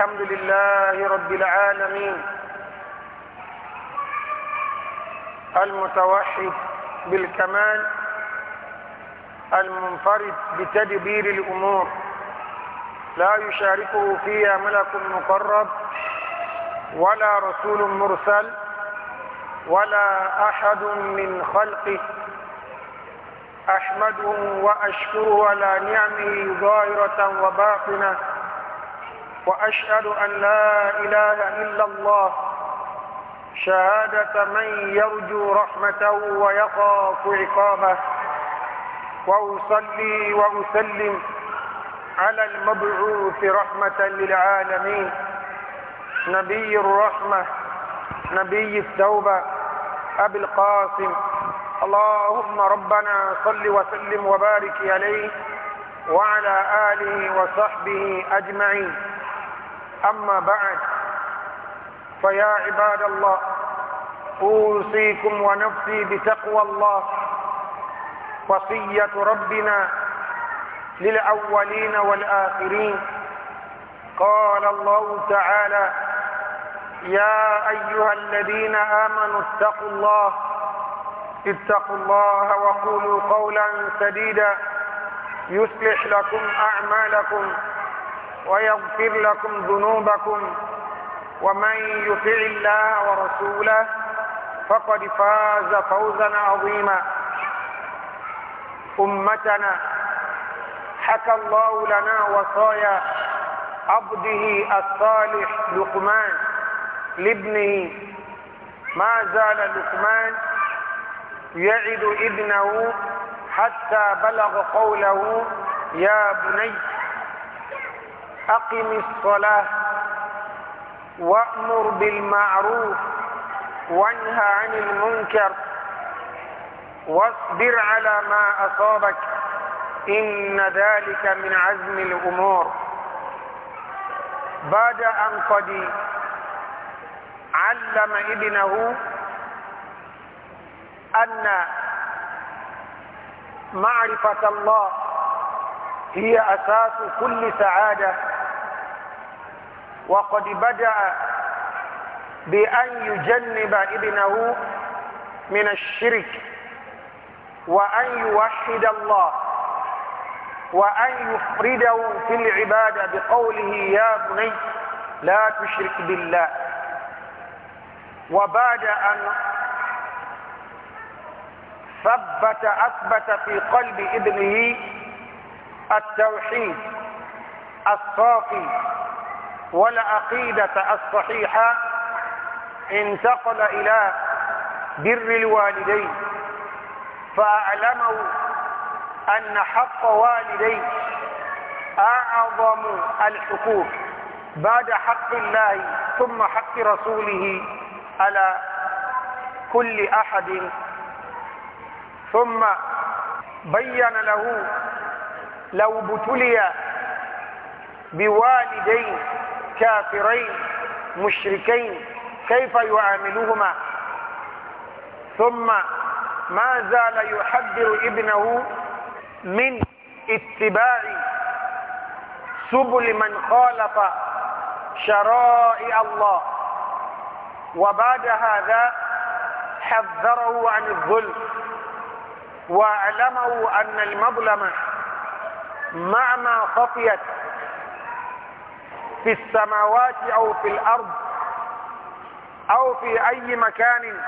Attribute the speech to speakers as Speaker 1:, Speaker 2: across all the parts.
Speaker 1: الحمد لله رب العالمين المتوحد بالكمال المنفرد بتدبير الأمور لا يشاركه فيها ملك مقرب ولا رسول مرسل ولا أحد من خلقه أحمده وأشكره على نعمه ظاهرة وباطنة وأشهد أن لا إله إلا الله شهادة من يرجو رحمته ويخاف عقابه وأصلي وأسلم على المبعوث رحمة للعالمين نبي الرحمة نبي التوبة أبي القاسم اللهم ربنا صل وسلم وبارك عليه وعلى آله وصحبه أجمعين أما بعد فيا عباد الله أوصيكم ونفسي بتقوى الله وصية ربنا للأولين والآخرين قال الله تعالى يا أيها الذين آمنوا اتقوا الله اتقوا الله وقولوا قولا سديدا يصلح لكم أعمالكم ويغفر لكم ذنوبكم ومن يطع الله ورسوله فقد فاز فوزا عظيما أمتنا حكى الله لنا وصايا عبده الصالح لقمان لابنه ما زال لقمان يعد ابنه حتى بلغ قوله يا بني أقم الصلاة وأمر بالمعروف وانهى عن المنكر واصبر على ما أصابك إن ذلك من عزم الأمور بعد أن قد علم ابنه أن معرفة الله هي أساس كل سعادة وقد بدأ بأن يجنب ابنه من الشرك وأن يوحد الله وأن يفرده في العبادة بقوله يا بني لا تشرك بالله وبعد أن ثبت أثبت في قلب ابنه التوحيد الصافي والعقيدة الصحيحة انتقل إلى بر الوالدين فأعلموا أن حق والديه أعظم الحقوق بعد حق الله ثم حق رسوله على كل أحد ثم بين له لو ابتلي بوالدين كافرين مشركين كيف يعاملهما ثم ما زال يحذر ابنه من اتباع سبل من خالف شرائع الله وبعد هذا حذره عن الظلم وأعلمه أن المظلمة مع ما خفيت في السماوات أو في الأرض أو في أي مكان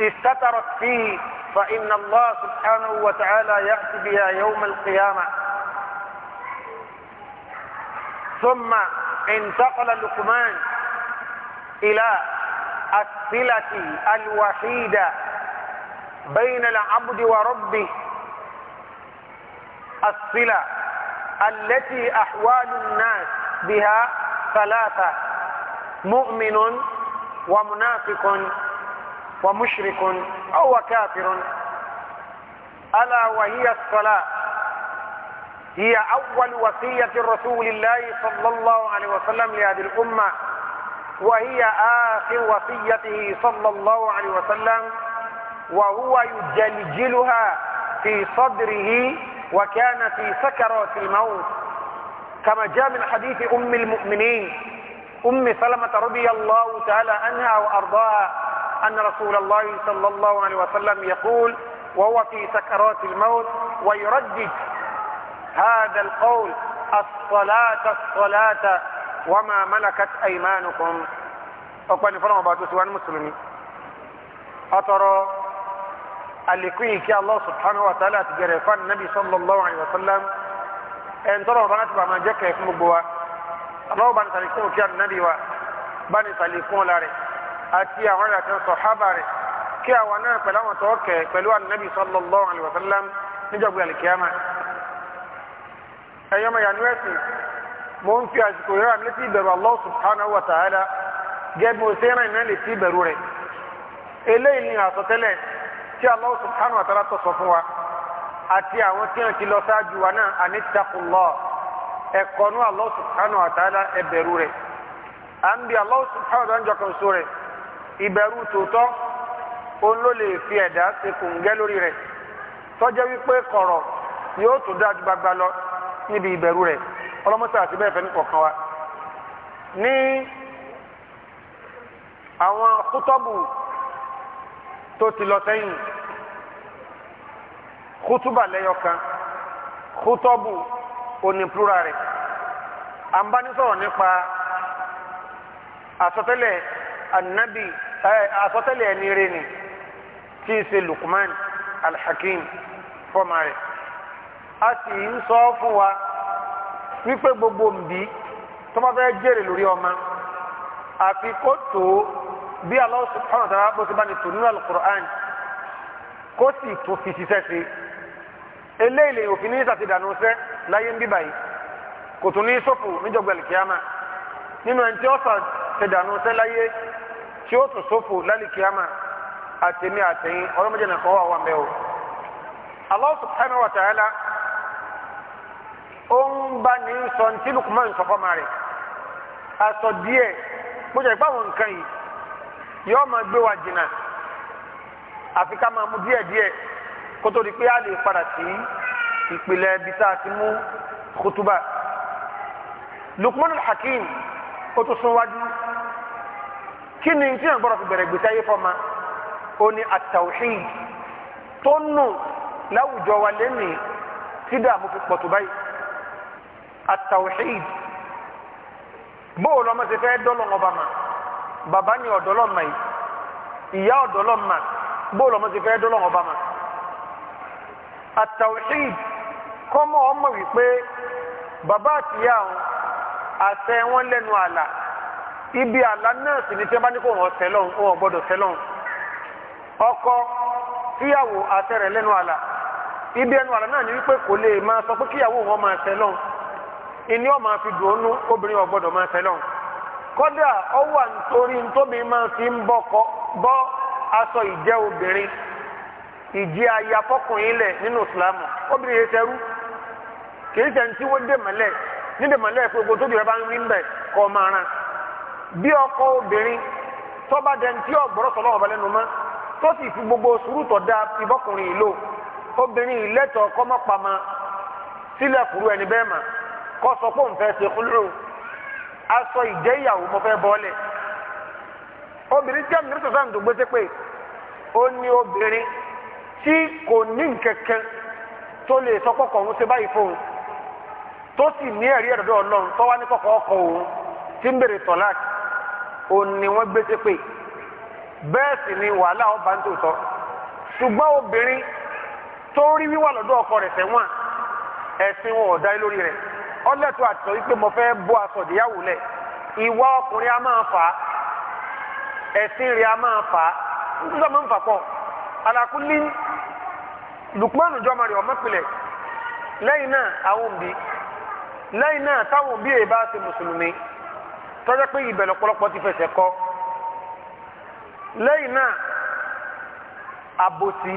Speaker 1: استترت فيه فإن الله سبحانه وتعالى يأتي بها يوم القيامة ثم انتقل لقمان إلى الصلة الوحيدة بين العبد وربه الصلة التي أحوال الناس بها ثلاثة مؤمن ومنافق ومشرك أو كافر ألا وهي الصلاة هي أول وصية رسول الله صلى الله عليه وسلم لهذه الأمة وهي آخر وصيته صلى الله عليه وسلم وهو يجلجلها في صدره وكان في سكرات الموت كما جاء من حديث أم المؤمنين أم سلمة رضي الله تعالى عنها وأرضاها أن رسول الله صلى الله عليه وسلم يقول وهو في سكرات الموت ويردد هذا القول الصلاة الصلاة وما ملكت أيمانكم أقول فرما بعد سوان المسلمين أترى اللي كي الله سبحانه وتعالى تجرفان النبي صلى الله عليه وسلم ẹ̀ńtọ́rọ̀ ọba láti bàmà jẹ́ kẹ̀ẹ́ fún gbogbo wa aláwọ̀ bá ní sàlìkún òkè ànábì wa bá ní sàlìkún ọ̀la rẹ̀ àti àwọn ẹ̀rọ àti sàhábà rẹ̀ kí àwa náà pẹ̀lú àwọn tó kẹ̀ pẹ̀lú ànábì sallallahu alaihi wasallam níjọba àlìkíyàmà ẹ̀yọ́ mọ̀ yànú ẹ̀sìn mo ń fi àsìkò yọrọ àmì létí ìbẹ̀rù Allah subhanahu wa àti àwọn tí wọ́n ti lọ ṣáájú wa náà àní takunlọ́ ẹ̀kọ́nú Allah subhanahu wa ta'ala ẹ̀bẹ̀rù rẹ̀ à ń bi Allah subhanahu wa ta'ala jọkàn so rẹ̀ ìbẹ̀rù tòótọ́ òun ló lè fi ẹ̀dá ṣe kòǹgẹ́ lórí rẹ̀ tọ́jẹ́ wípé kọ̀rọ̀ yóò tún dájú gbagba lọ níbi ìbẹ̀rù rẹ̀ ọlọ́mọ́sá àti bẹ́ẹ̀ fẹ́ nìkọ̀kan wa ní àwọn kútọ́bù tó ti lọ sẹ́yìn kútúbà lẹ́yọkan kútọ́bù oníplúra rẹ̀ àǹbánisọ̀rọ̀ nípa àsọtẹ́lẹ̀ anabi àsọtẹ́lẹ̀ ẹni rẹ̀ ni tí í ṣe Lukman alhakim fọ́mà rẹ̀ a sì ń sọ fún wa wípé gbogbo mbí tó bá fẹ́ jèrè lórí ọmọ àfi kó tó bí Allah subhanahu wa bó ti bá ní tòun ní alukur'an kó sì tó fi ṣiṣẹ́ sí i eléyìí òfin ní sàti dànù sẹ láyé ń bíbà yìí kò tún ní sọfù níjọba ìkíyàmà nínú ẹni tí ó sà ti dànù sẹ láyé tí ó tún sọfù lálìkíyàmà àtẹmí àtẹyìn ọlọmọdé náà kọ́ wà wà mẹ́ o. Allah subhanahu wa ta'ala ó ń bá ní sọ tí Lukman ń sọ fọ́ọ̀mà rẹ̀ àsọ díẹ̀ gbọ́dọ̀ ìpá àwọn nǹkan yìí yọ́ọ́ máa gbé wa jìnnà àfi máa mú díẹ̀díẹ̀ kótó di pé a lè padà sí ìpìlẹ̀ ibi tá a ti mú kútúbà Lukman Hakim ó tó sún wájú kí ni tí yàn gbọ́dọ̀ fi bẹ̀rẹ̀ gbèsè ayé fọ́ma ó ní at-tawhid tó nù láwùjọ wa lẹ́nìí tí dààmú fi pọ̀ tó báyìí at bóòlù ọmọ ti fẹ́ dọ́lọ́ ọba mà bàbá ni ọ̀dọ́lọ́ mà yìí ìyá ọ̀dọ́lọ́ mà bóòlù ọmọ ti fẹ́ dọ́lọ́ ọba mà. àtàwùsíd kọ́mọ̀ ọmọ wípé bàbá àtìyá àwọn àṣẹ wọn lẹ́nu àlà ibi àlà náà sì ni tí wọ́n bá ní wọ́n ọkọ tíyàwó àṣẹ rẹ̀ lẹ́nu àlà ibi ẹnu àlà náà ni wípé kò lè máa sọ pé kíyàwó wọn máa ìní ọ̀ máa fi dùn ún obìnrin ọ̀gbọ́dọ̀ máa ọwọ́ máa fi ń bọ́ ìjẹ́ ìjì ayé afọkùnrin lẹ nínú ìsìlámù obìnrin yẹn sẹrú kì í sẹni tí wọn dé mọ́lẹ̀ ní dé mọ́lẹ̀ fún egbò tóbi rẹ bá ń rí mbẹ kọ ọkọ obìnrin tọba dẹni tí ọgbọrọ sọlọ ọba lẹ́nu mọ́ tó fi gbogbo sùúrù tọ da ìbọkùnrin yìí lò obìnrin ọkọ kọmọ pamọ́ sílẹ̀ kúrú ẹni bẹ́ẹ̀ mà kọ sọ pé òun ṣe tí kò ní nkankan tó lè sọ kọ́kọ́ òun ṣe báyìí fóun tó sì ní ẹ̀rí ẹ̀dọ̀dọ̀ ọlọ́run tó wá ní kọ́kọ́ ọkọ̀ òun tí ń bèrè tọ́lák òun ni wọ́n gbé ṣépè bẹ́ẹ̀ sì ni wàhálà ọba ń tòótọ́ ṣùgbọ́n obìnrin tó rí wíwà lọ́dọ̀ ọkọ rẹ̀ sẹ́wọ̀n ẹ̀sìn wọn ò lórí rẹ̀ ọlẹ́tọ̀ àti sọ wípé mo fẹ́ bọ́ aṣọ ìdíyàwó lẹ̀ ìwà ọkùnrin a máa fà á ẹ̀sìn rẹ̀ a máa fà á nítorí ọmọ ń fà pọ̀ Lukman jọmọ rẹ ọmọ pilẹ lẹ́yìn náà àwọn òbí lẹ́yìn náà táwọn òbí yẹn bá ṣe mùsùlùmí tọjá pé ìbẹ̀rẹ̀ ọ̀pọ̀lọpọ̀ ti fẹsẹ̀ kọ lẹ́yìn náà àbòsí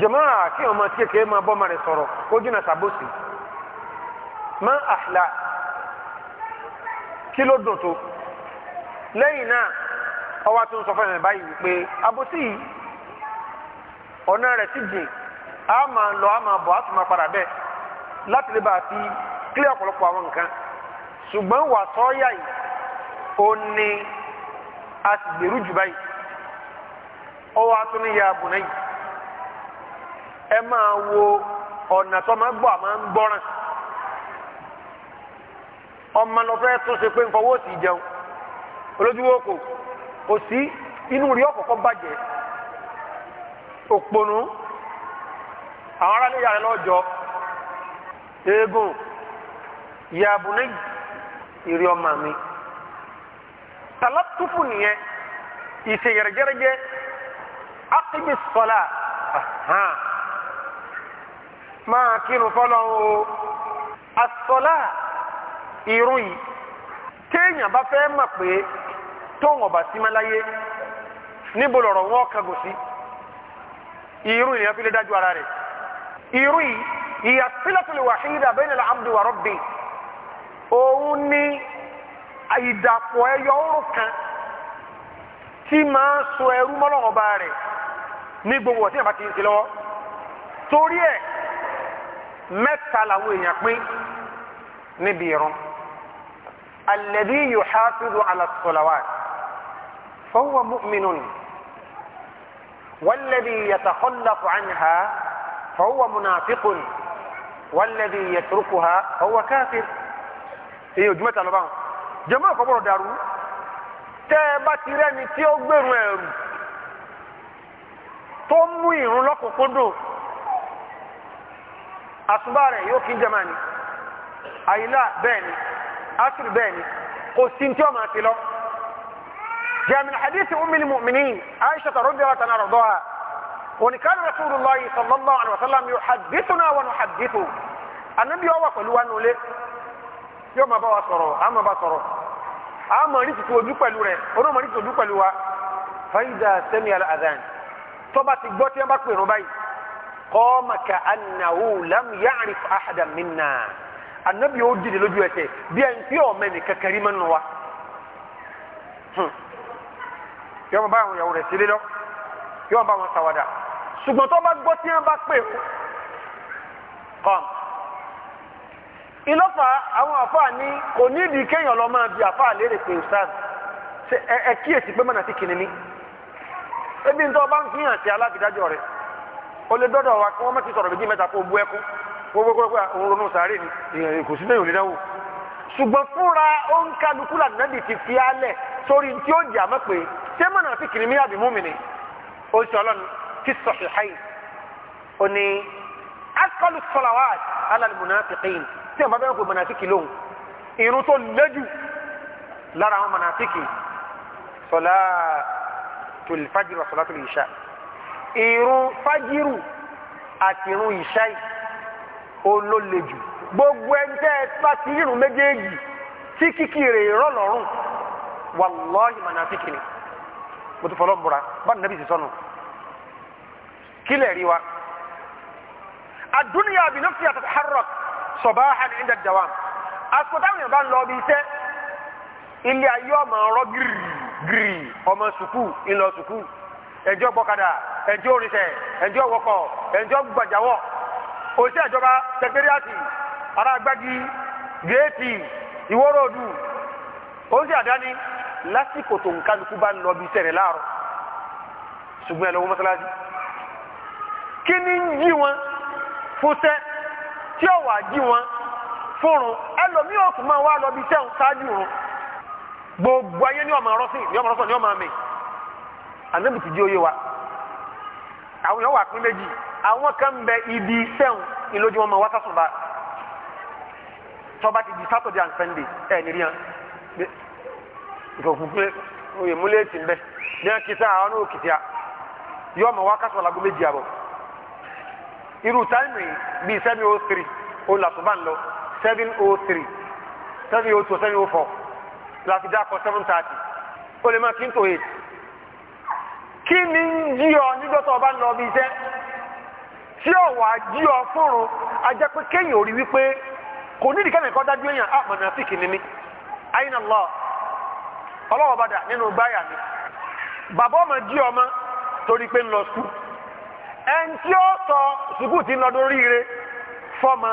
Speaker 1: jọmọ kí ọmọ tí kékeré máa bọ́ ọmọ rẹ sọ̀rọ̀ kó jìnnà sàbòsí má àhlà kí ló dùn tó lẹ́yìn náà ọwọ́ àti nsọ́fẹ́ rẹ̀ ọ̀nà rẹ̀ sì jìn a máa lọ a máa bọ̀ a sì máa padà bẹ́ẹ̀ láti a fi kílẹ̀ ọ̀pọ̀lọpọ̀ àwọn nǹkan ṣùgbọ́n wà sọ́ọ́yà yìí ó ní a sì gbèrú jù báyìí ọwọ́ atúnúyà àbùnà yìí ẹ máa wo ọ̀nà tó máa gbọ́ àmọ́ ń gbọ́ràn ọmọ lọ fẹ́ tún ṣe pé ń fọwọ́ sí jẹun olójúwò kò kò sí inú rí ọ̀kọ̀ọ̀kan bàjẹ́ òpònú àwọn ará níyà rẹ̀ lọ́jọ́ eégún yàbù ní ìrí ọmọ mi tàlátúfù nìyẹn ìṣe ákíbi sọlá máa kírun fọlọ́ o asọlá irun yìí téèyàn bá fẹ́ mọ̀ pé tóun ọ̀bà símáláyé níbo lọ̀rọ̀ wọn kagò sí. irú ìyẹn fi lè dájú ara rẹ̀ irú yìí ìyá sílẹ̀tìlì wàhídà bẹ́ẹ̀ nílẹ̀ abdu wa rabbi òun ní ìdàpọ̀ ẹyọ ọrùn kan tí máa ń sọ ẹrú mọ́lọ́wọ́ bá rẹ̀ ní gbogbo ọ̀tí àbá ti ń ti torí ẹ̀ mẹ́ta làwọn èèyàn pín níbi ìrún alladhi yuhafizu ala salawat fahuwa mu'minun ni. والذي يتخلف عنها فهو منافق والذي يتركها فهو كافر èyí ojúmọ́ ta ló bá wọn jẹ́mọ́ àkọ́bọ̀rọ̀ dàrú tẹ́ ẹ bá ti rẹ́ni tí ó gbèrú ẹ̀rù tó mú ìrún lọ́kùnkúndùn àsùbá rẹ̀ yóò kí jẹ́mọ́ ni àyílà bẹ́ẹ̀ ni asiri bẹ́ẹ̀ ni kò sí tí ó máa ti lọ. جاء من حديث أم المؤمنين عائشة رضي الله عنها رضاها وإن كان رسول الله صلى الله عليه وسلم يحدثنا ونحدثه النبي هو قالوا أنه ليه يوم أبا صروا أما أبا صروا أما ريت تودو قالوا له أما ريت تودو قالوا فإذا سمع الأذان طبعا تقبط يا بكر ربي قام كأنه لم يعرف أحدا منا النبي يوجد لجوته بأن في يوم من ككريما نوا yọ ọmọ bá àwọn ìyàwó rẹ̀ sílé lọ yọ ọmọ bá wọn ṣàwàdà ṣùgbọ́n tó bá gbọ́ tí wọ́n bá pè ó kàn. ìlọ́fà àwọn àfáà ní kò ní ìdí kéèyàn lọ máa bi àfáà léèrè pé ustaz ẹ kíyèsí pé mọ̀nà sí kìnìún ebi ń tọ́ bá ń fihàn sí aláfidájọ́ rẹ̀ o lè dọ́dọ̀ wa kí wọ́n mẹ́tì sọ̀rọ̀ méjì mẹ́ta kó bu ẹkú kó gbogbo ẹkú òun ronú sàárè ni kò sí náà yòlẹ́ dáwò ṣùgbọ́n fúnra ó ń kálukú làdínàbì ti fi álẹ̀ sórí tí ó ṣé mọ̀nà fi kìrìmí àbí múmìnì ó ṣe ọlọ́run fi sọ̀ṣì háì ó ní akọlù sọ̀làwà alàlùmọ̀nà ti kéyìn tí wọ́n bá bẹ́ẹ̀ pé mọ̀nà fi kì lóhùn irun tó lẹ́jù lára àwọn mọ̀nà fi kì sọ̀là tòlìfájìrì sọ̀là irun fájìrù àti irun ìṣá olólejù gbogbo ẹ̀ńtẹ́ bá ti méjèèjì tí kíkì rè rọ̀ lọ́rùn wàlọ́ọ̀hì mọ̀nà ni mo ti fọlọ́ bọ̀ra nabi nàbí ti sọnù kílẹ̀ rí wa àdúnyà àbí nọ́ọ̀sì àti harrock sọ̀bá àdìyẹ ń dàjà wa àsìkò táwọn èèyàn bá ń lọ ibi iṣẹ́ ilé ayé ọmọ ọ̀rọ̀ gírì gírì ọmọ sùkú ńlọ sùkú ẹjọ́ gbọ́kadà ẹjọ́ oríṣẹ́ ẹjọ́ wọkọ̀ ẹjọ́ gbàjáwọ̀ òṣìṣẹ́ ìjọba sẹkẹríàtì arágbági géètì ìwọ́rọ̀dù òṣìṣẹ́ àdáni lásìkò tó nkálukú bá ń lọ bí sẹ̀rẹ̀ láàrọ̀ ṣùgbọ́n ẹ lọ́wọ́ mọ́sálásí kí ni ń jí wọn fúnṣẹ́ tí ọ̀wà jí wọn fúnrun ẹlòmíì ò tún máa wá lọ bí sẹ́hùn ṣáájú run gbogbo ayé ní ọmọ ọrọ́sìn ní ọmọ ọrọ́sìn ní ọmọ àmì ànábì ti oyé wa àwọn yẹn wà pín méjì àwọn kan ń bẹ ibi sẹ́hùn ìlójú wọn máa wá sásùn bá tọ́ba ti di sátọ̀dẹ̀ and sunday ẹ̀ nírí ìfọ̀kùnfẹ́ oyè múlẹ̀ tì mbẹ́ ní akitá àwọn náà kìtìá yọ ọmọ wa kásọ̀ làgọ́ méjì àbọ̀ irú táìmù yìí bíi seven oh three ó làtúbà ń lọ seven oh three seven oh two seven oh four láti dákọ̀ seven thirty ó lè máa kí kí ni ń jí ọ nígbàtọ̀ ọba ń lọ bí tí ó wà jí fúnrun ajẹ́ pé kéèyàn ò rí wípé kò nídìí kẹ́mẹ̀kọ́ dájú èèyàn àmọ̀nà sí kìnìún ní àyínà ọlọ́wọ́ bá dà nínú gbáyà mi bàbá ọmọ jí ọmọ torí pé ń lọ sùkúù ẹn tí ó sọ sùkúù ti ń lọ dórí ire fọmọ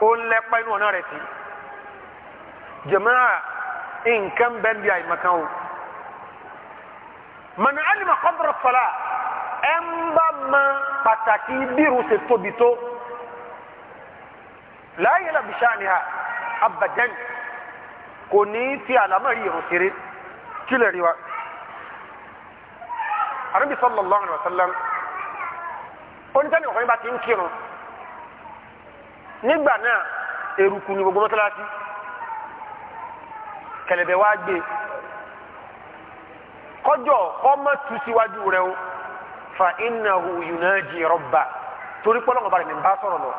Speaker 1: ó ń lẹ́pa inú ọ̀nà rẹ̀ sí jẹ̀mọ́ra nǹkan bẹ́ẹ̀ bí àìmọ̀kan o mọ̀nà alima kọ́bọ̀rọ̀ sọ̀la ẹ ń bá ma pàtàkì bírù ṣe tóbi tó láyé làbíṣà ni ha abadan kò ní fi àlámọ̀rí ìrun ṣeré kílẹ̀ rí wa. àrùbí sallallahu alaihi wasallam onítẹ́ni ọ̀kọ́ni bá ti ń kírun nígbà náà eruku ni gbogbo mọ́sálásí kẹlẹ̀bẹ̀ wá gbé kọjọ kọ́mọ́ tu síwájú rẹ o fa innahu yunaji rabba torí pọ́lọ́mọba rẹ̀ ní bá sọ̀rọ̀ lọ.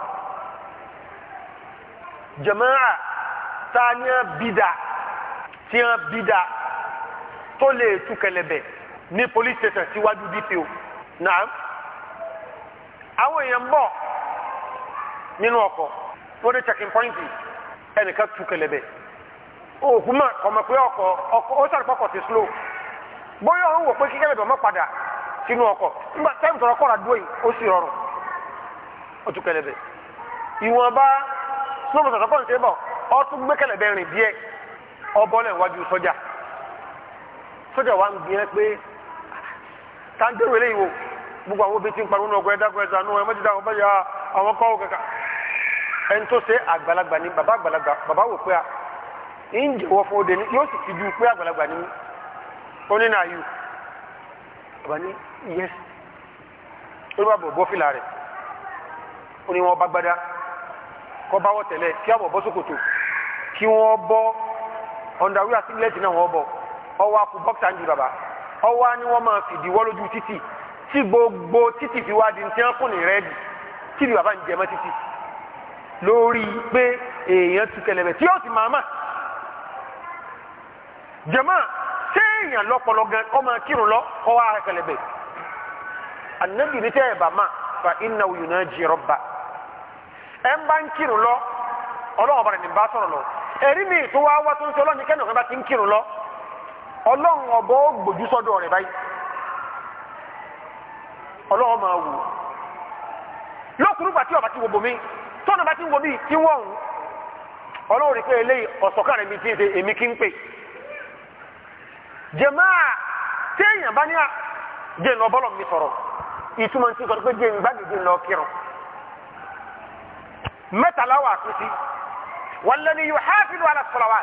Speaker 1: jama'a tanya bida bida tó lè tu ni polisi police station di dpo na awo èèyàn bọ̀ nínú ọkọ̀ wọ́n checking point ẹnìkan tu kẹlẹbẹ òkú mà kọ̀mọ̀ pé ọkọ̀ ɔkɔ ó sàrùpọ̀ ti slow bóyá òun wò pé padà sinu ɔkɔ nígbà tẹ́mù tọrọ kọ́ra dúró yìí ó sì tu ìwọ̀nba ọtún gbé kẹ̀lẹ̀bẹ̀ rìn díẹ̀ ọbọlẹ̀ wájú sọ́jà sọ́jà wa ń gbìyàn pé tàǹdẹ̀rù eléyìí wo gbogbo àwọn obìnrin ti ń pariwo náà ọkọ̀ ẹ̀dá ọkọ̀ ẹ̀dá náà ẹ̀mọ́jú dáhùn báyà àwọn kọ́ ẹni tó ṣe àgbàlagbà ni bàbá àgbàlagbà bàbá wò pé à ń fún ni yóò sì fi ju pé àgbàlagbà ni ó ní náà yù bàbá kí wọn bọ́ ọ̀ndàwí àtìlẹ́tì náà wọn bọ ọwọ́ akú bọ́kítà ń di bàbá ọwọ́ á ní máa lójú títì tí gbogbo títì fi wá di ní tí wọ́n kùn ní tí ìlú bàbá ń jẹ mọ́ títì lórí pé èèyàn tu kẹlẹ̀bẹ̀ tí yóò sì máa ma jẹ̀mọ́ ṣé èèyàn gan kọ́ kírun lọ kọ́ wá kẹlẹ̀bẹ̀ ànábì ní tẹ́ ẹ̀ bà má fa iná òyìnbó náà jẹ́ ń bá ń kírun lọ ọlọ́wọ́ bá rẹ̀ ní bá sọ̀rọ̀ lọ ẹ̀rí mi tó wá wá tó ń sọ ọlọ́run kẹ́ni ọ̀kan bá ti ń kírun lọ ọlọ́run ọ̀bọ gbòjú sọ́dọ̀ rẹ̀ báyìí ọlọ́run máa wù lọ́kùnrin gbà tí ọba ti wò bòmí tọ́nà bá ti wò mí tí wọ́n ń ọlọ́run rí pé eléyìí rẹ̀ mi ti ń ṣe èmi kí ń pè jẹ̀máà téèyàn bá ní à jẹ́ ń lọ mi ti pé jẹ́ wàlẹ́ni yóò háfìlú alasọ̀làwà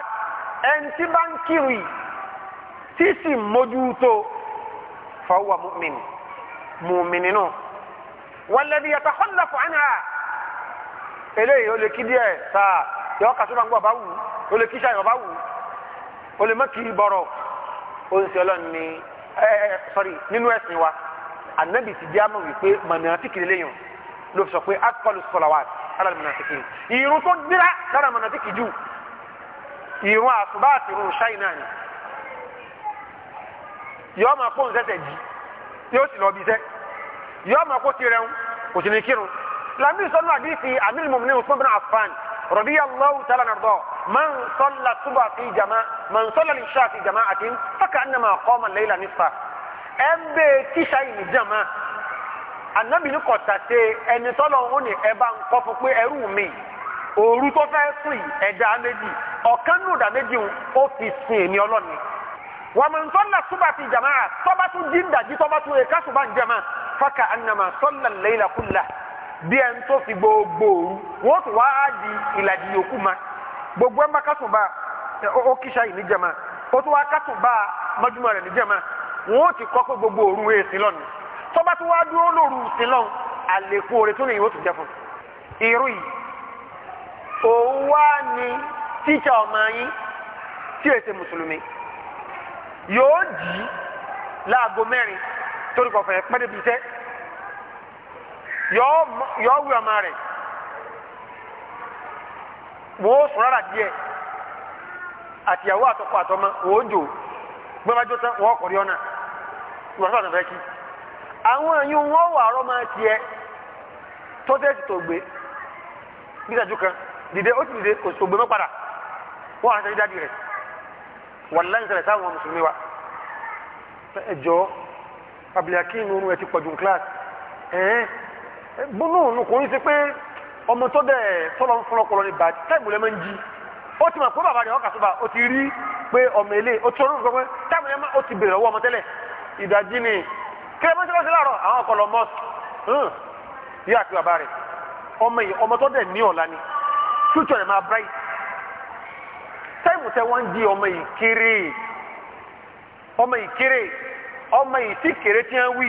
Speaker 1: ẹ̀ǹtí bá ń kiri tí sì mójútó fọwọ́ mùmìnì mùmìnì nù wàlẹ́ni yàtọ̀ kọ́lọ́fọ̀ àná eléyìí ó lè kí díẹ̀ sáà yọ ọ́kà sọ́ba ń gbọ́ ọba wù ó lè kí sáyẹ̀ ọba wù ó lè mọ́kì bọ̀rọ̀ ó ń ṣe ọlọ́run ní ẹ ẹ sọ́rí nínú ẹ̀sìn wa ànábì ti di àmọ̀ wípé mọ̀nà tí kiri léyìn ló fi sọ pé akọlù sọlọwà alàmìnàtìkì ìrún tó gbéra lára mọ̀nàtìkì jù ìrún àsùbá àti ìrún ṣáì náà ni yọ ọmọ akó nsẹsẹ jì yóò sì lọ bí sẹ yọ ọmọ akó ti rẹun kò sì ní kírun làmì sọnù àdìsí amílì mọ̀mìnì Usman bin Affan radiyallahu ta'ala nàdọ́ man salla suba fi jama man salla al-isha fi jama'atin faka annama qama al-layla nisfa ẹ̀ ń bẹ́ẹ̀ tíṣà yìí ní jama. anabi ní kọ̀tàṣe ẹni tọ́lọ̀ ń ní ẹ bá ń kọ́ fún pé ẹrú mi òru tó fẹ́ yìí ẹ̀dá méjì ọ̀kan dà méjì ó fi sin èmi ọlọ́ni wọ́n mú sọ́lá súbà fi jàmá tọ́ba tún jí ń dàjí tọ́ba gbogbo òru wọ́n tún gbogbo ẹ̀ má kásùnbà ó kíṣà yìí ní jẹma ó wọ́n ti kọ́ gbogbo òru tọ́ba tó wá dúró lóru sílọ̀ àlékún oore tó lè yóò tún jẹ fún irú yìí òun wá ní tíjà ọmọ yín tí èsè mùsùlùmí yóò jí láago mẹ́rin torí kọ̀ọ̀fẹ́ pẹ́ẹ́dẹ́bí iṣẹ́ yóò wí ọmọ rẹ̀ wọ́n ó sùn rárá díẹ̀ àtìyàwó àtọkọ àtọmọ wọ́n ó jò gbẹ́bájọ́ tán wọ́n ọkọ̀ rí ọ̀nà ìwà sọ̀rọ̀ fẹ́ àwọn èèyàn wọn wà ọ̀rọ̀ máa tiẹ̀ tó tẹ́sí tó gbé kan dìde ó ti dìde kò sí ògbé mọ́ padà wọ́n á sẹ́yìn dáàdì rẹ̀ wọ́n lẹ́yìn sáwọn mùsùlùmí wa ẹ jọ abdulhakeem ẹ ti pọ̀jù class ẹ̀ẹ́n pé ọmọ tó ń ní táìmù ń jí ó ti mọ̀ ọkà ó ti rí pé ọmọ ilé ó ti rọrùn táìmù ó ti kí ẹbí sọ́kọ́ sí láàárọ̀ àwọn ọkọ̀ lọ mọ́ọ̀sì yí àti bàbá rẹ̀ ọmọ yìí ọmọ tó dẹ̀ ní ọ̀la ni future rẹ̀ máa bright táìmù tẹ́ wọ́n ń di ọmọ yìí kéré ọmọ yìí kéré ọmọ yìí tí kéré tí wọ́n wí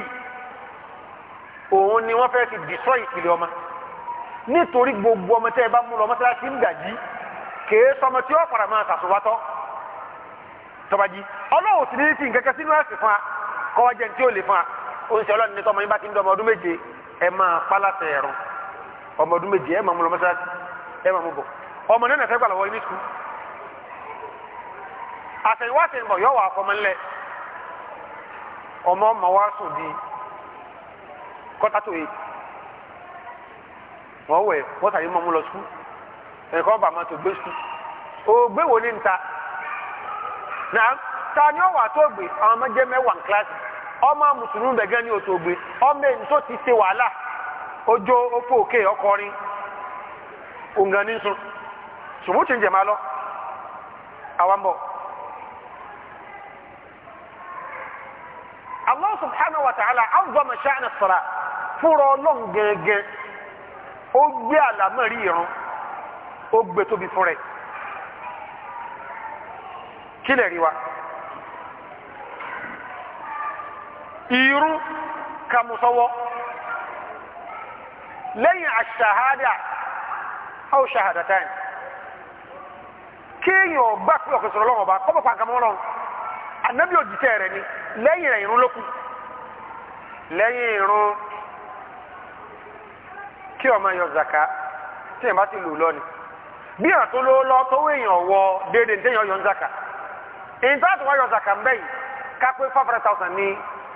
Speaker 1: òun ni wọ́n fẹ́ fi destroy ìpìlẹ̀ ọmọ nítorí gbogbo ọmọ tẹ́ ẹ bá mú lọ mọ́sálásí ń gàjí kèé sọmọ tí ó fara máa tàṣùwátọ́ tọ́bají ọlọ́run sì ní fi nǹkan kan sínú ẹ̀sìn fún wa kọ́wájẹ́ tí ó lè fún wa ó ń sọ ọlọ́run ní tọ́mọ yín bá ti ń dọ́ ọmọ ọdún méje ẹ máa pálásẹ ẹ̀rọ ọmọ ọdún méje ẹ máa mú lọ mọ́sálásí ẹ máa mú bọ̀ ọmọ náà nàfẹ́ gbà lọ́wọ́ inú sùkúl àtẹ̀yìnwá àtẹ̀yìnbọ̀ yọ wà fọmọ ńlẹ̀ ọmọ ọmọ wa sùn di kọ́tà tó yìí wọ́n wẹ̀ wọ́n tàbí mọ́ mú lọ sùkúl ẹ̀kọ́ ọba máa tó gbé sùkúl ògbé wo ni ń ta náà ta ni ọ wà tó gbé àwọn ọmọ jẹ́ kíláàsì. ọ mùsùlùmí bẹ̀gẹ́ ní òtògbé ọmọ èyí tó ti ṣe wàhálà ojó opó òkè ọkọrin òǹgàn ní sùn sùnmù tí ń jẹ̀ lọ àwọn Allah subhanahu wa ta'ala sha'na as-salat gẹ́gẹ́ ó gbé ó gbé tóbi fún ka kàmùsọ́wọ́ lẹ́yìn àṣàhádà aw ṣàhádàtáyìn kéèyàn ọgbà pé ọ̀kẹ́sọ̀rọ̀ lọ́wọ́ bá kọ́bọ̀ pàǹkàmọ́ lọ́wọ́ ànábì òjìṣẹ́ rẹ̀ ni lẹ́yìn irun lókù lẹ́yìn irun kí ọmọ yọ zaka tí èèyàn bá ti lù lọ ni bí àwọn tó lówó lọ tó wéèyàn wọ déédéé ní téèyàn yọ zaka èyí tó àtúwá yọ zaka ká pé five hundred thousand ní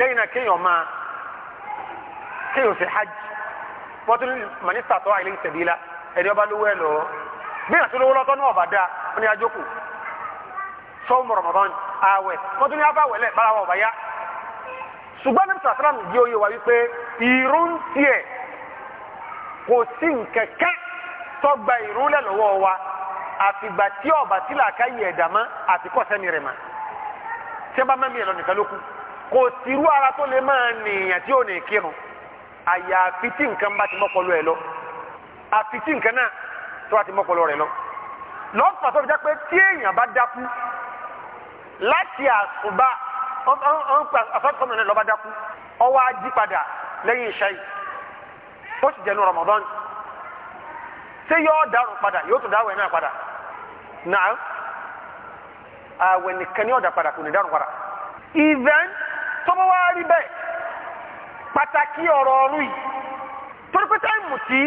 Speaker 1: lẹ́yìn náà kéèyàn máa kéèyàn ṣe hajj wọ́n tún mọ̀nísítà tó àìlè ìṣẹ̀bílá ẹni ọba lówó ẹ̀ lọ bí ìrìnàjò lówó lọ́tọ́ náà ọba dá wọn ni ajókòó sọ́ọ̀mù Ramadan ààwẹ̀ wọ́n tún ní abá wẹ̀lẹ̀ bára wọn ọba yá ṣùgbọ́n nípa sàtàràmù di oyè wa wípé ìrún tiẹ̀ kò sí nkẹ̀kẹ́ tó gba ìrún lẹ̀ lọ́wọ́ wa àfìgbà tí ọba tí làákàyè ẹ̀dá mọ́ rẹ̀ mọ́ tí ẹ bá mẹ́mi ẹ̀ lọ nìkan ló kò tìrú ara tó lè máa nìyàn tí ò ní kírun àyà tí nǹkan bá ti mọ́pọ̀lọ́ ẹ̀ lọ àfi nǹkan náà tó a ti mọ́kọlọ rẹ̀ lọ. lọ́pàá tó fi jẹ́ pé tí èèyàn bá dákú láti àsùbá àfẹ́kọ̀ọ́ náà lọ́ba dákú ọwọ́ ají padà lẹ́yìn iṣẹ́ yìí ó sì jẹnu Ramadan ṣé yóò dárò padà yóò tún dáwọ̀ ẹ̀ náà padà náà tó bá wá rí bẹ́ẹ̀ pàtàkì ọ̀rọ̀ ọ̀run yìí torí pé táìmù tí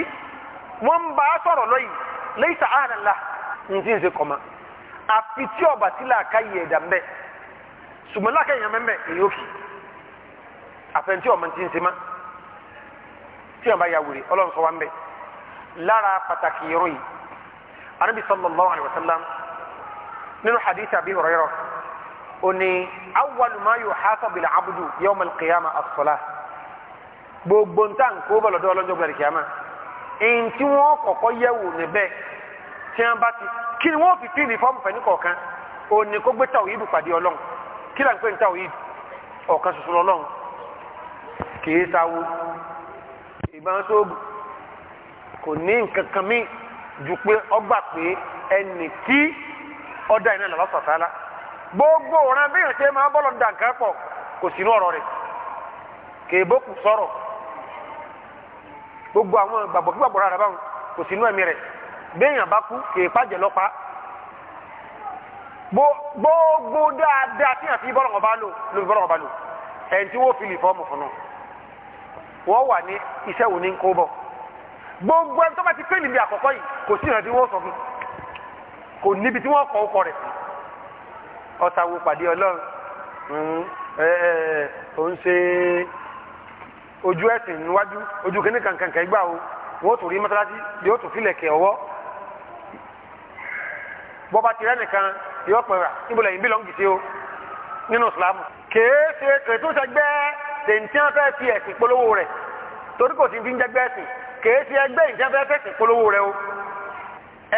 Speaker 1: wọ́n ń bá a sọ̀rọ̀ lọ́yìn lẹ́yìn sàánà ńlá ní ti ń ṣe kọ́má àfi tí ọba tí làákà yìí ẹ̀dá mbẹ́ ṣùgbọ́n làákà yìí ẹ̀mẹ́mẹ́ èyí òkè àfẹn tí ọmọ ti ń ṣe má tí ọba yà wèrè ọlọ́run sọ wá mbẹ́ lára pàtàkì ọ̀rọ̀ yìí arábì sallallahu alaihi wasallam nínú hadith Abi Hurairah oni awwalu ma yuhasabu al-abdu yawm al-qiyamah as-salah gbogbo ntan kó bọ̀ lọ́dọ̀ ọlọ́jọ́ gbẹ̀rẹ̀ kìáma èyí tí wọ́n kọ́kọ́ yẹ̀wò níbẹ̀ tí wọ́n bá ti kí ni wọ́n fi fíìlì fọ́ọ̀mù fẹ̀ ní kọ̀ọ̀kan òní kó gbé tàwíìdù pàdé ọlọ́run kí là ń pè ní tàwíìdù ọ̀kan ṣoṣo lọ́lọ́run kìí sáwó ìbọn tó kò ní nǹkan kan mí ju pé ọgbà pé ẹnì tí ọ̀dà iná lọ́sọ̀tà gbogbo ọ̀ràn bẹ́ẹ̀ ṣe máa bọ́lọ̀ kò sínú ọ̀rọ̀ rẹ̀ kèébókù sọ̀rọ̀ gbogbo àwọn gbàgbọ́ kí kò sínú ẹ̀mí rẹ̀ béèyàn bá kú kèépàjẹ́ lọ́pa gbogbo dáadáa tí yàn bọ́lọ̀ ọba lò ọba lò ẹ̀ǹ tí wọ́n fi lè fún gbogbo ẹni tó bá àkọ́kọ́ yìí kò sí kò níbi tí ọ̀sáwó pàdé ọlọ́run hmm. òun ṣe ojú ẹ̀sìn níwájú ojú kìnnì kankankan gbà o wọ́n tún rí mọ́sálásí yóò tún filẹ̀ kẹ̀ ọwọ́ bọ́ba tirẹ̀ nìkan yóò pẹ̀rà níbo lẹ́yìn bí lọ́ngì sí o nínú ìsìlámù kèése kèétúnṣẹgbẹ́ tèntìyàn fẹ́ fi ẹ̀sìn polówó rẹ̀ torí kò sí fi ń jẹgbẹ́ ẹ̀sìn kèése ẹgbẹ́ ìjẹun fẹ́ polówó rẹ̀ o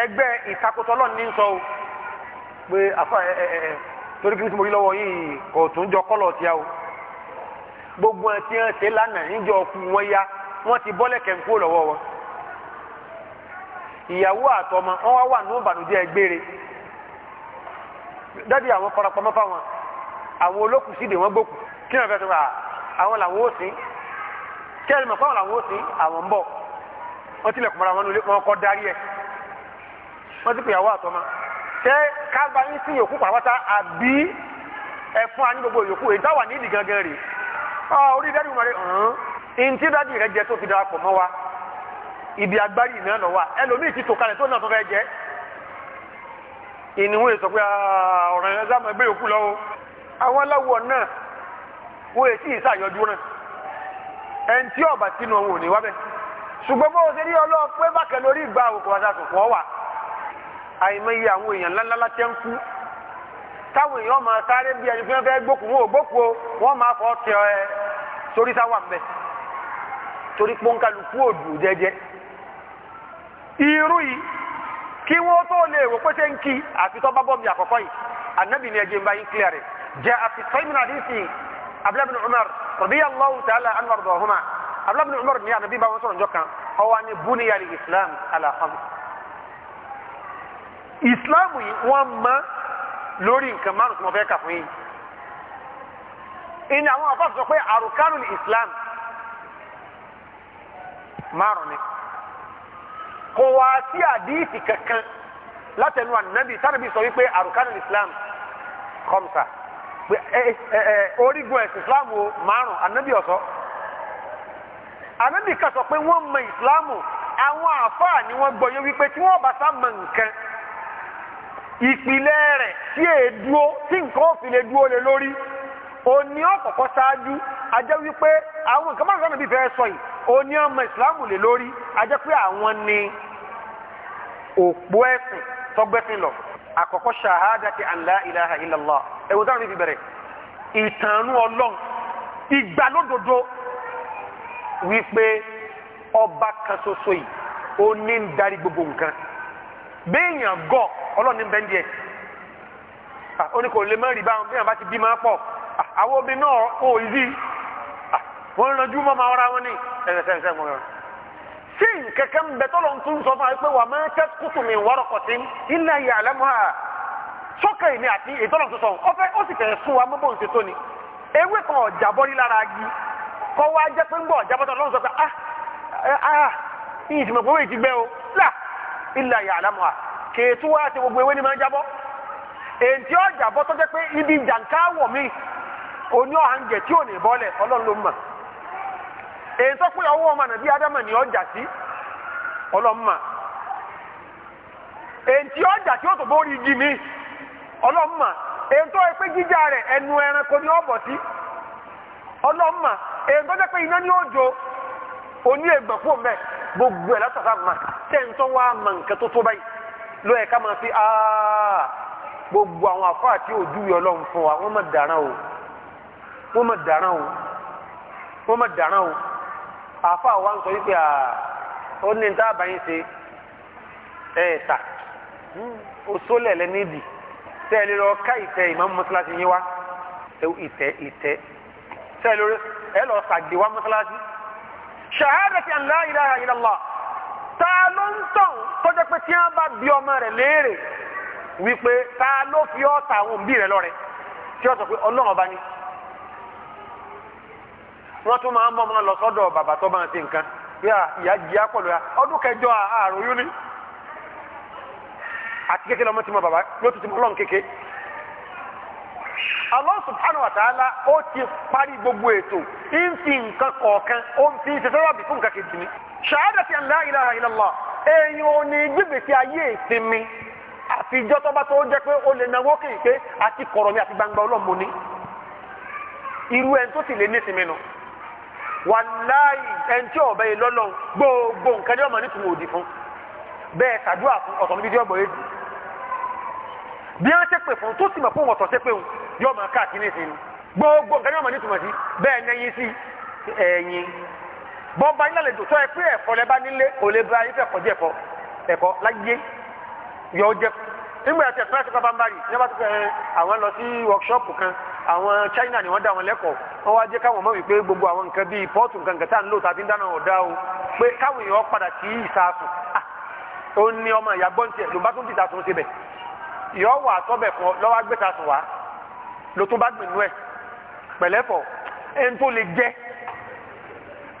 Speaker 1: ẹgbẹ́ ìtakùtọ̀ lọ́ọ̀ ní sọ o pé àfọ ẹ ẹ ẹ torí kí n sùnmọ́ yìí lọ́wọ́ yìí kò tún jọ kọ́lọ̀ tí a o gbogbo ẹ̀ tí wọ́n ṣe lánàá níjọ kú wọn ya wọ́n ti bọ́lẹ̀ kẹ̀ǹkó lọ́wọ́ wọn ìyàwó àtọmọ wọn wá wà ní ìbànújẹ́ gbére dádì àwọn farapamọ́ fáwọn àwọn olókùn sídè wọn gbókù kí wọn fẹ́ sọ ah, àwọn làwọn ò sí kẹ́rin mọ̀ fáwọn làwọn ò sí àwọn ń bọ̀ wọ́n tilẹ̀kùn kọ́ darí ẹ̀ wọ́n ti pè ìyàwó àtọmọ ṣé ká gba yín sí yòókù pàwọ́tá àbí ẹ̀fún àní gbogbo yòókù èyí táwà nídìí gangan rè orí dádì wọn rẹ hàn ntí dádì rẹ jẹ tó fi darapọ̀ mọ́ wa ibi agbárí ìná lọ wa ẹlòmíì ti tò kalẹ̀ tó náà tó fẹ́ jẹ ìníwó èso pé ah, ọ̀ràn yẹn sáà mọ̀ ẹgbẹ́ yòókù lọ́wọ́ àwọn aláwọ̀ náà wọ́n èsì ìsàyọjú náà ẹni tí ọ̀bà sínú òun ò ní wá ṣùgbọ́n bó o ṣe rí ọlọ́ọ̀ bákẹ́ lórí ìgbà òkú wa ṣàtò wà àìmọye àwọn èèyàn ńláńlá tẹ́ ń kú táwọn èèyàn máa sáré bí ẹni fẹ́ gbókùn wọn ò gbókùn o wọ́n máa fọ́ tẹ ẹ sórí sáwà ń bẹ̀ torí pọ́nkálukú òdù jẹ́jẹ́ irú yìí kí wọ́n tó lè wò pété ń kí àfi tó bá bọ́ mi àkọ́kọ́ yìí anabi ni ẹjẹ ń bá yín clear rẹ̀ jẹ́ àfi sọ́yìn náà dín sí abdullahi bin umar radiyallahu ta'ala anwar dọ̀húnmá abdullahi bin umar ní anabi bá wọn sọ̀rọ̀ njọ́ kan ọwọ́ ni buniyali islam ala khams islam yìí wọ́n mọ̀ lórí nǹkan márùn tí wọ́n fẹ́ kà fún yìí ìní àwọn afáàfù sọ pé àrùkánù ní islam márùn ni kò wá sí àdíìsì kankan látẹnu ànábì sárébì sọ wípé àrùkánù ní islam khamsa pé ẹ ẹ orígun ẹ̀sìn islam wo márùn ànábì ọ̀sọ́ ànábì kan sọ pé wọ́n mọ̀ islam àwọn àfáà ni wọ́n wípé tí wọ́n bá sá mọ̀ nǹkan. ìpìlẹ̀ rẹ̀ tí è dúó tí nǹkan ò fi lè dúó lé lórí òní ọ̀kọ̀kọ́ ṣáájú ajẹ́ wípé àwọn nǹkan máa ń sọ́nà sọ yìí òní ọmọ ìsìláàmù lè lórí ajẹ́ pé ni òpó ẹ̀sìn tọgbẹ́sìn lọ àkọ́kọ́ ṣahadati ti ilaha illallah ẹ̀wọ̀n táwọn ibi bẹ̀rẹ̀ ìtànú ọlọ́run ìgbàlódodo wípé ọba kan ṣoṣo yìí ó ní ń gbogbo nǹkan. béèyàn gọ̀ ọlọ́ọ̀ni bẹ́ẹ̀ ó ní kò lè mọ́ rí báwọn béèyàn bá ti bí máa pọ̀ àwọn obìnrin náà ò yí wọ́n rànjú mọ́ máa ra wọn ní ẹ̀sẹ̀sẹ̀ mọ́ yọrọ. ṣé ń wà máa tẹ́ mi wọ́rọ̀ yà sọ́kẹ́ ìní àti ìtọ́lọ̀ tó sọ ó sì fún wa mọ́ ṣe tó pé ń bọ̀ ọ̀jà ilà ya kèétú wá àti gbogbo ewé ni máa ń jábọ́ èntì ọjà bọ́ tó jẹ́ pé ibi jàǹkáwọ̀ mi oní ọ̀hánjẹ tí ò ní bọ́lẹ̀ ọlọ́run ló mọ̀ èyí tó pé ọwọ́ ọmọ nàbí ádámà ní ọjà sí ọlọ́run mọ̀ ọjà tí ó tó bórí mi ọlọ́run mọ̀ èyí tó pé jíjà rẹ̀ ẹnu ẹranko ní ọ̀bọ̀ sí ọlọ́run oní ẹgbà fún mẹ gbogbo ẹ látàkà mà sẹńtọ wa mà nǹkan tó tó báyìí ló yẹ ká máa fi aa gbogbo àwọn afọ àti ojú yọ lọ́n fún wa wọ́n má dàrán o wọ́n má dàrán o wọ́n má dàrán o àfọ àwa ń sọ yìí pé aa ó ní ní táàbà yín ṣe ẹ ta o sólẹ̀ lẹ níbi tẹ́ ẹ lè lọ ká ìtẹ́ ìmáàmù mọ́sálásí yín wá ìtẹ́ ìtẹ́ tẹ́ ẹ lórí ẹ ṣahadati an la ilaha ta ló ń tàn tó jẹ́ pé tí wọ́n bá bí ọmọ rẹ̀ léèrè wípé ta ló fi ọ́ ta àwọn òbí rẹ̀ tí ó sọ pé ọlọ́run ọba ni wọ́n tún máa ń bọ́ ọmọ lọ sọ́dọ̀ ya ọdún kẹjọ ààrùn yóní àti kékeré ọmọ bàbá ló Allah subhanahu wa ta'ala ó ti parí gbogbo eto ń fi nǹkan kọ̀ọ̀kan ó ń fi wàbí fún kejì ni. ṣahadati an la ilaha illallah èèyàn o ní gbèbèsí ayé ìsinmi àfi ìjọ tó bá tó pé ó lè náwó kéyìí àti kọ̀rọ̀ àti gbangba ọlọ́mọ ni. irú ẹni tó sì lè ní ìsinmi nù. wàláì ẹni tí ọ̀bẹ yìí lọ́lọ́ gbogbo nǹkan ní ọmọ nítorí òdì fún bẹ́ẹ̀ fún ọ̀tọ̀ níbi tí ọ̀bọ̀ yé bí wọ́n ṣe fún tó yóò máa káàkiri sí ni gbogbo nǹkan yóò máa nítumọ̀ sí bẹ́ẹ̀ nẹ́yìn sí ẹ̀yìn bọ́ba yín lálejò tó ẹ pé ẹ̀fọ́ lẹ́ba nílé kò lè ba nile fẹ́ẹ̀kọ́ jẹ́ ẹ̀fọ́ ẹ̀fọ́ láyé yọ jẹ́ nígbà tí ẹ̀fọ́ láti kọ́ ń bari ní wọ́n ti fẹ́ eh, àwọn lọ workshop kan àwọn China ni wọ́n dá wọn lẹ́kọ̀ọ́ wọ́n wá jẹ́ káwọn ah, ọmọ ló tún bá gbìnú ẹ̀ pẹ̀lẹ́fọ̀ ẹni tó lè jẹ́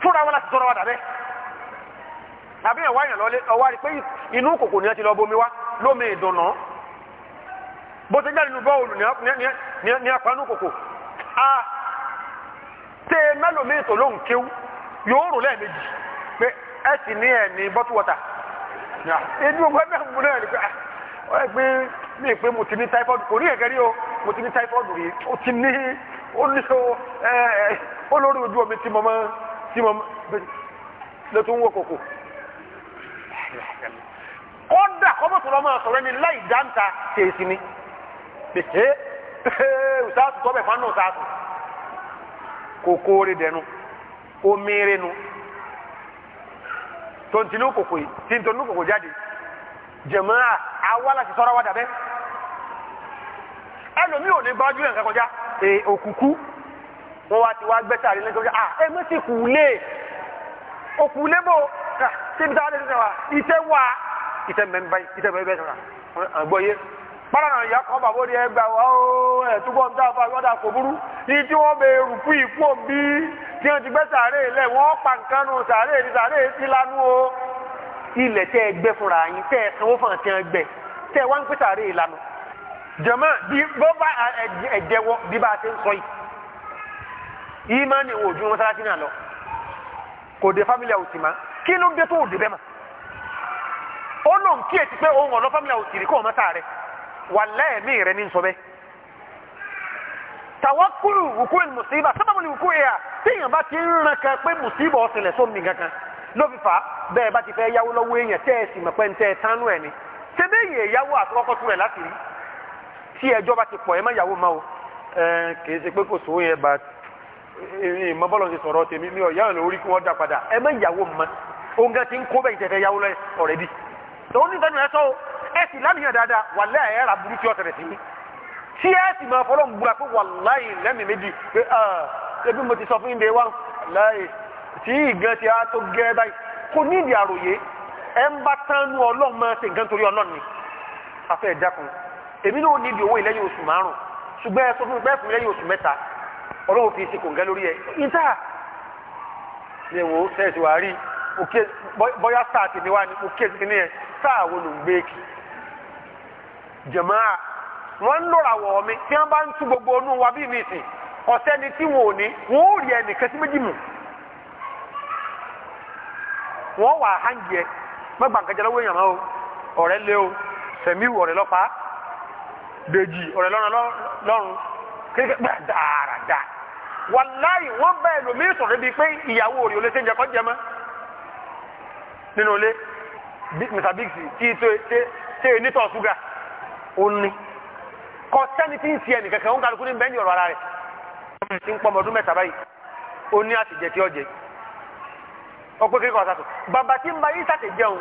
Speaker 1: fúnra wọn láti tọrọ wa dàbẹ́ àbí ẹ̀wá yàn lọ́lé ọwọ́ rí pé inú kòkò ni wọ́n ti lọ bomi wá lómi ìdùnnà bó ti jáde nínú bọ́ọ̀lù ní apanú kòkò a tẹ mẹ́lòmí ìtò ló ń kéwú yóò rò lẹ́ẹ̀mejì pé ẹ sì ní ẹ̀ ní bottle water ẹni gbogbo ẹgbẹ́ ń gbóná ní pé ah ọ yẹ pé mi pé mo ti ní typhoid kò rí ẹ̀gẹ́ rí o mo ti ní typhoid rí o ti ní o ní o ẹ ó lórí ojú omi tí mo mọ tí mo mọ ló tún wọ kòkò. kódà kọ́mọ̀tòrọ́ máa sọ̀rọ̀ ẹni láì dáńtà tèèsì ni pèsè ṣáàtù tọ́bẹ̀ fánà ṣáàtù kòkó rẹ̀ dẹnu omi rẹ̀ nu tontinu kòkó yìí tìǹtonu kòkó jáde jẹ̀mọ́ra awala ti sọ́rọ́ wa dàbẹ́ ẹlòmí ò lè gbájú ẹ̀ǹkan kọjá òkùnkú wọn wá ti wá gbẹ́sà rí lẹ́gbẹ́ kọjá à ẹ mẹ́sì kùlé òkùlé bò síbi táwọn ẹ̀sìn wa ìtẹ́ wà ìtẹ́ mẹ́mbà ìtẹ́ mẹ́mbà ìtẹ́ àgbọ̀yé pàrọ̀nà ìyá kan bàbá ó di ẹgbà wa ó ẹ̀túbọ̀ ń dáàbà lọ́dà kò burú ní tí wọ́n bẹ rùkú ìkú òbí tí wọ́n ti gbẹ́ sàárè lẹ̀ wọ́n pa nǹkan nù sàárè ní sàárè sí lánú o ilẹ̀ tẹ́ ẹ gbẹ́ fúnra yín tẹ́ ẹ sanwó fún àti ẹ tẹ́ ẹ wá ń pèsè àárẹ̀ ìlànà jẹ̀mọ́ bí a ti ń sọ yìí yìí máa ń wọn sáláṣí náà lọ kò dé family house ma kí ló dé tó bẹ́ẹ̀ ma ó lóun pé òun ọ̀lọ́ family house rí kó o mọ́ta rẹ wà lẹ́ẹ̀mí rẹ ní nsọ bẹ́ẹ̀ tàwákùlù wùkú musiba sábàbùlù wùkú yẹ téèyàn kan ló fi fà á bẹ́ẹ̀ bá ti fẹ́ yáwó lọ́wọ́ èèyàn tẹ́ ẹ sì mọ̀ pé ń tẹ́ ẹ tánú ẹ̀ ni ṣé bẹ́ẹ̀ yẹ yáwó àtọ́kọ́ tún rẹ̀ láti rí tí ẹjọ́ bá ti pọ̀ ẹ má yáwó má o kì í ṣe pé kò sówó yẹn bá ìmọ̀ bọ́lọ̀ ti sọ̀rọ̀ tèmi mi ò yá ọ̀nà orí kí wọ́n dá padà ẹ má yáwó mọ́ oúnjẹ ti ń kó bẹ́ẹ̀ tẹ́tẹ́ yáwó lọ́yẹ ọ̀rẹ́ bí tòun ní ìtọ́jú ẹ sọ ẹ sì mi tí ẹ sì máa fọlọ́ ń tí ìgbẹ́ ti a tó gẹ́ báyìí kò ní ìdí àròyé ẹ ń bá tánú ọlọ́run máa ṣe nǹkan torí ọlọ́run ni afẹ́ ẹ̀dá kan èmi náà ní ìdí owó ìlẹ́yìn oṣù márùn ṣùgbọ́n ẹ sọ fún mi bẹ́ẹ̀ fún mi lẹ́yìn oṣù mẹ́ta ọlọ́run fi ṣe kòǹgẹ́ lórí ẹ ìta ni wò ó sẹ́ẹ̀sì wàá rí bóyá sáà tèmi wá ní òkè sí ní ẹ sáà wo ló ń gbé kì jẹ̀máà wọ́n ń lòrà wọ̀ mi tí wọ́n bá ń tú gbogbo onú wa bí mi sìn ọ̀sẹ́ni tí wọn ò ní wọ́n ó rí ẹnìkan sí méjì mù wọ́n wà hànjẹ́ mẹ́gbà nkẹjẹ lọ́wọ́ èèyàn o ọ̀rẹ́ lé o sẹ̀míwù ọ̀rẹ́ lọ́pa dèjì ọ̀rẹ́ lọ́rùn lọ́rùn kékeré gbà dáadáa wàláyì wọ́n bẹ́ẹ̀ lómi sọ̀rọ̀ bíi pé ìyàwó rẹ̀ olè sẹ́njẹ́ kọ́ jẹmọ́ nínú ilé mr biggs tí ṣe nítọ̀ ṣúgà ó ní kọ́ sẹ́ni tí ń ṣe ẹnì kẹ̀kẹ́ ń kálukú ní bẹ́ẹ̀ ní ọ̀rọ̀ ara rẹ̀ ó ti ń pọ́ ọmọdún mẹ́ta báyìí ó ní àtìjẹ tí ó jẹ́ ọ̀pẹ́ kékeré kan sàtò bàbá tí ń ba yín sàtẹ̀ jẹun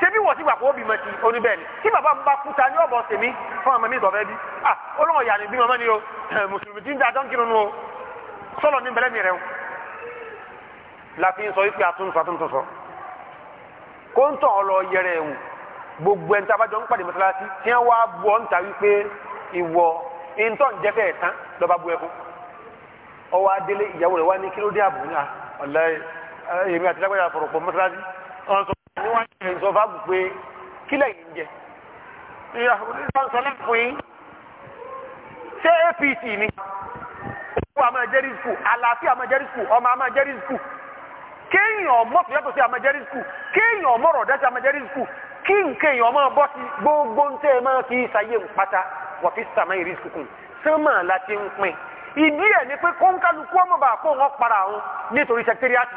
Speaker 1: ṣé bí wọ́n ti gbà kó bímọ ti oníbẹ̀ẹ́ni tí bàbá bá kú ta ní ọ̀bọ̀ sèmi fún ọmọ mi ìtọ̀fẹ́ bí ah olóhùn ìyá ni bímọ mọ́ ni o eh, mùsùlùmí ti ń da dọ́ńkì nínú o sọ́lọ̀ ní bẹ́lẹ́ mi rẹ o láti sọ wípé àtúntò àtúntò sọ kó ń tàn ọ lọ yẹrẹ ẹ̀wù gbogbo ẹni tí a bá jọ ń pàdé mọ́sálásí tí wọ́n wá bu ọ́ ń wípé ìwọ ìntọ́ ń jẹ́ fẹ́ẹ̀ tán lọ́ba bu ẹkún ọwọ́ adélé ìyàwó rẹ̀ wá ní kílódé àbúrò náà ọ̀lẹ́yìn ah, èmi àti lágbàdà fọ̀rọ̀ pọ̀ mọ́sálásí wọn sọ ní wọn yẹn sọ fáàbù pé kílẹ̀ yìí ń jẹ ìyá oníṣàn sọ náà fún yín ṣé APC ni òkú àmọ́ jẹ́rìí skul àlàáfíà àmọ́ jẹ́rìí skul ọmọ àmọ́ jẹ́rìí skul kéèyàn mọ̀ tó yàtọ̀ sí àmọ́ jẹ́rìí skul kéèyàn mọ̀rọ̀ dá sí àmọ́ jẹ́rìí skul kí nkéèyàn máa bọ́ sí gbogbo ń tẹ́ ẹ máa fi ṣàyè ń pata wà fi sàmà ìrì sùkùn sánmà láti ń pin ìdí ẹ̀ ni pé kóńkálukú ọmọ bá kó wọn para àwọn nítorí sẹkítẹ́rìàtì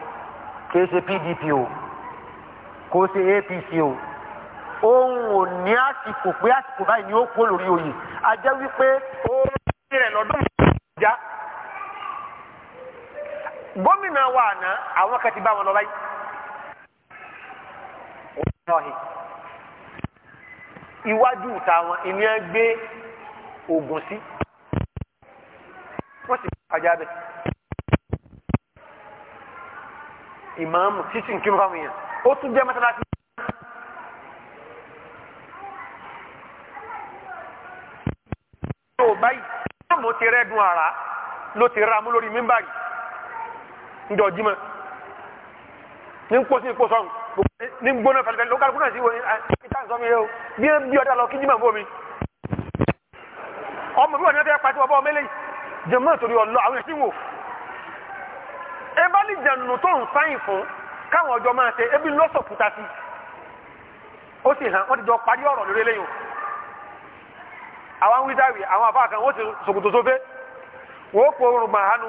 Speaker 1: kìí ṣe pdp o kò ṣe apc o òun ò ní àsìkò pé àsìkò báyìí ni ó kú lórí oyè a jẹ́ wípé ó rí rẹ̀ lọ́dún ìjà gómìnà wa àná àwọn kan ti bá wọn lọ báyìí iwájú ìta wọn ìní ẹ gbé oògùn sí wọ́n sì kọjá bẹ́ẹ̀. ìmáàmù títí nkírun fáwọn èèyàn ó tún jẹ́ mọ́sálásí. yóò báyìí ìmáàmù ti rẹ́ẹ̀dùn ara ló ti ra mú lórí mímbàrì ǹjọ́ jimá ní ń pọ́sí ìpò sọ́hún ní gbóná fẹlẹ́fẹ́lẹ́ ó kálukú náà sí wo ìta ìsọ́mi yẹ o bí ẹ bí ọ̀dà lọ kí jimá fún mi ọmọ bí wọn ní wọn fẹ́ pàṣẹ ọmọ ọmọ eléyìí jẹmọ́ torí ọlọ àwọn ẹ̀sìn wò ebali jẹnu tó ń sáyìn fún káwọn ọjọ́ máa ṣe ebi lọ́sọ̀ fúta sí ó sì hàn wọ́n ti jọ parí ọ̀rọ̀ lórí eléyìí àwọn wíjáwì àwọn àbá kan wọ́n ti sòkòtò sófé wọ́n po orùngbà hanu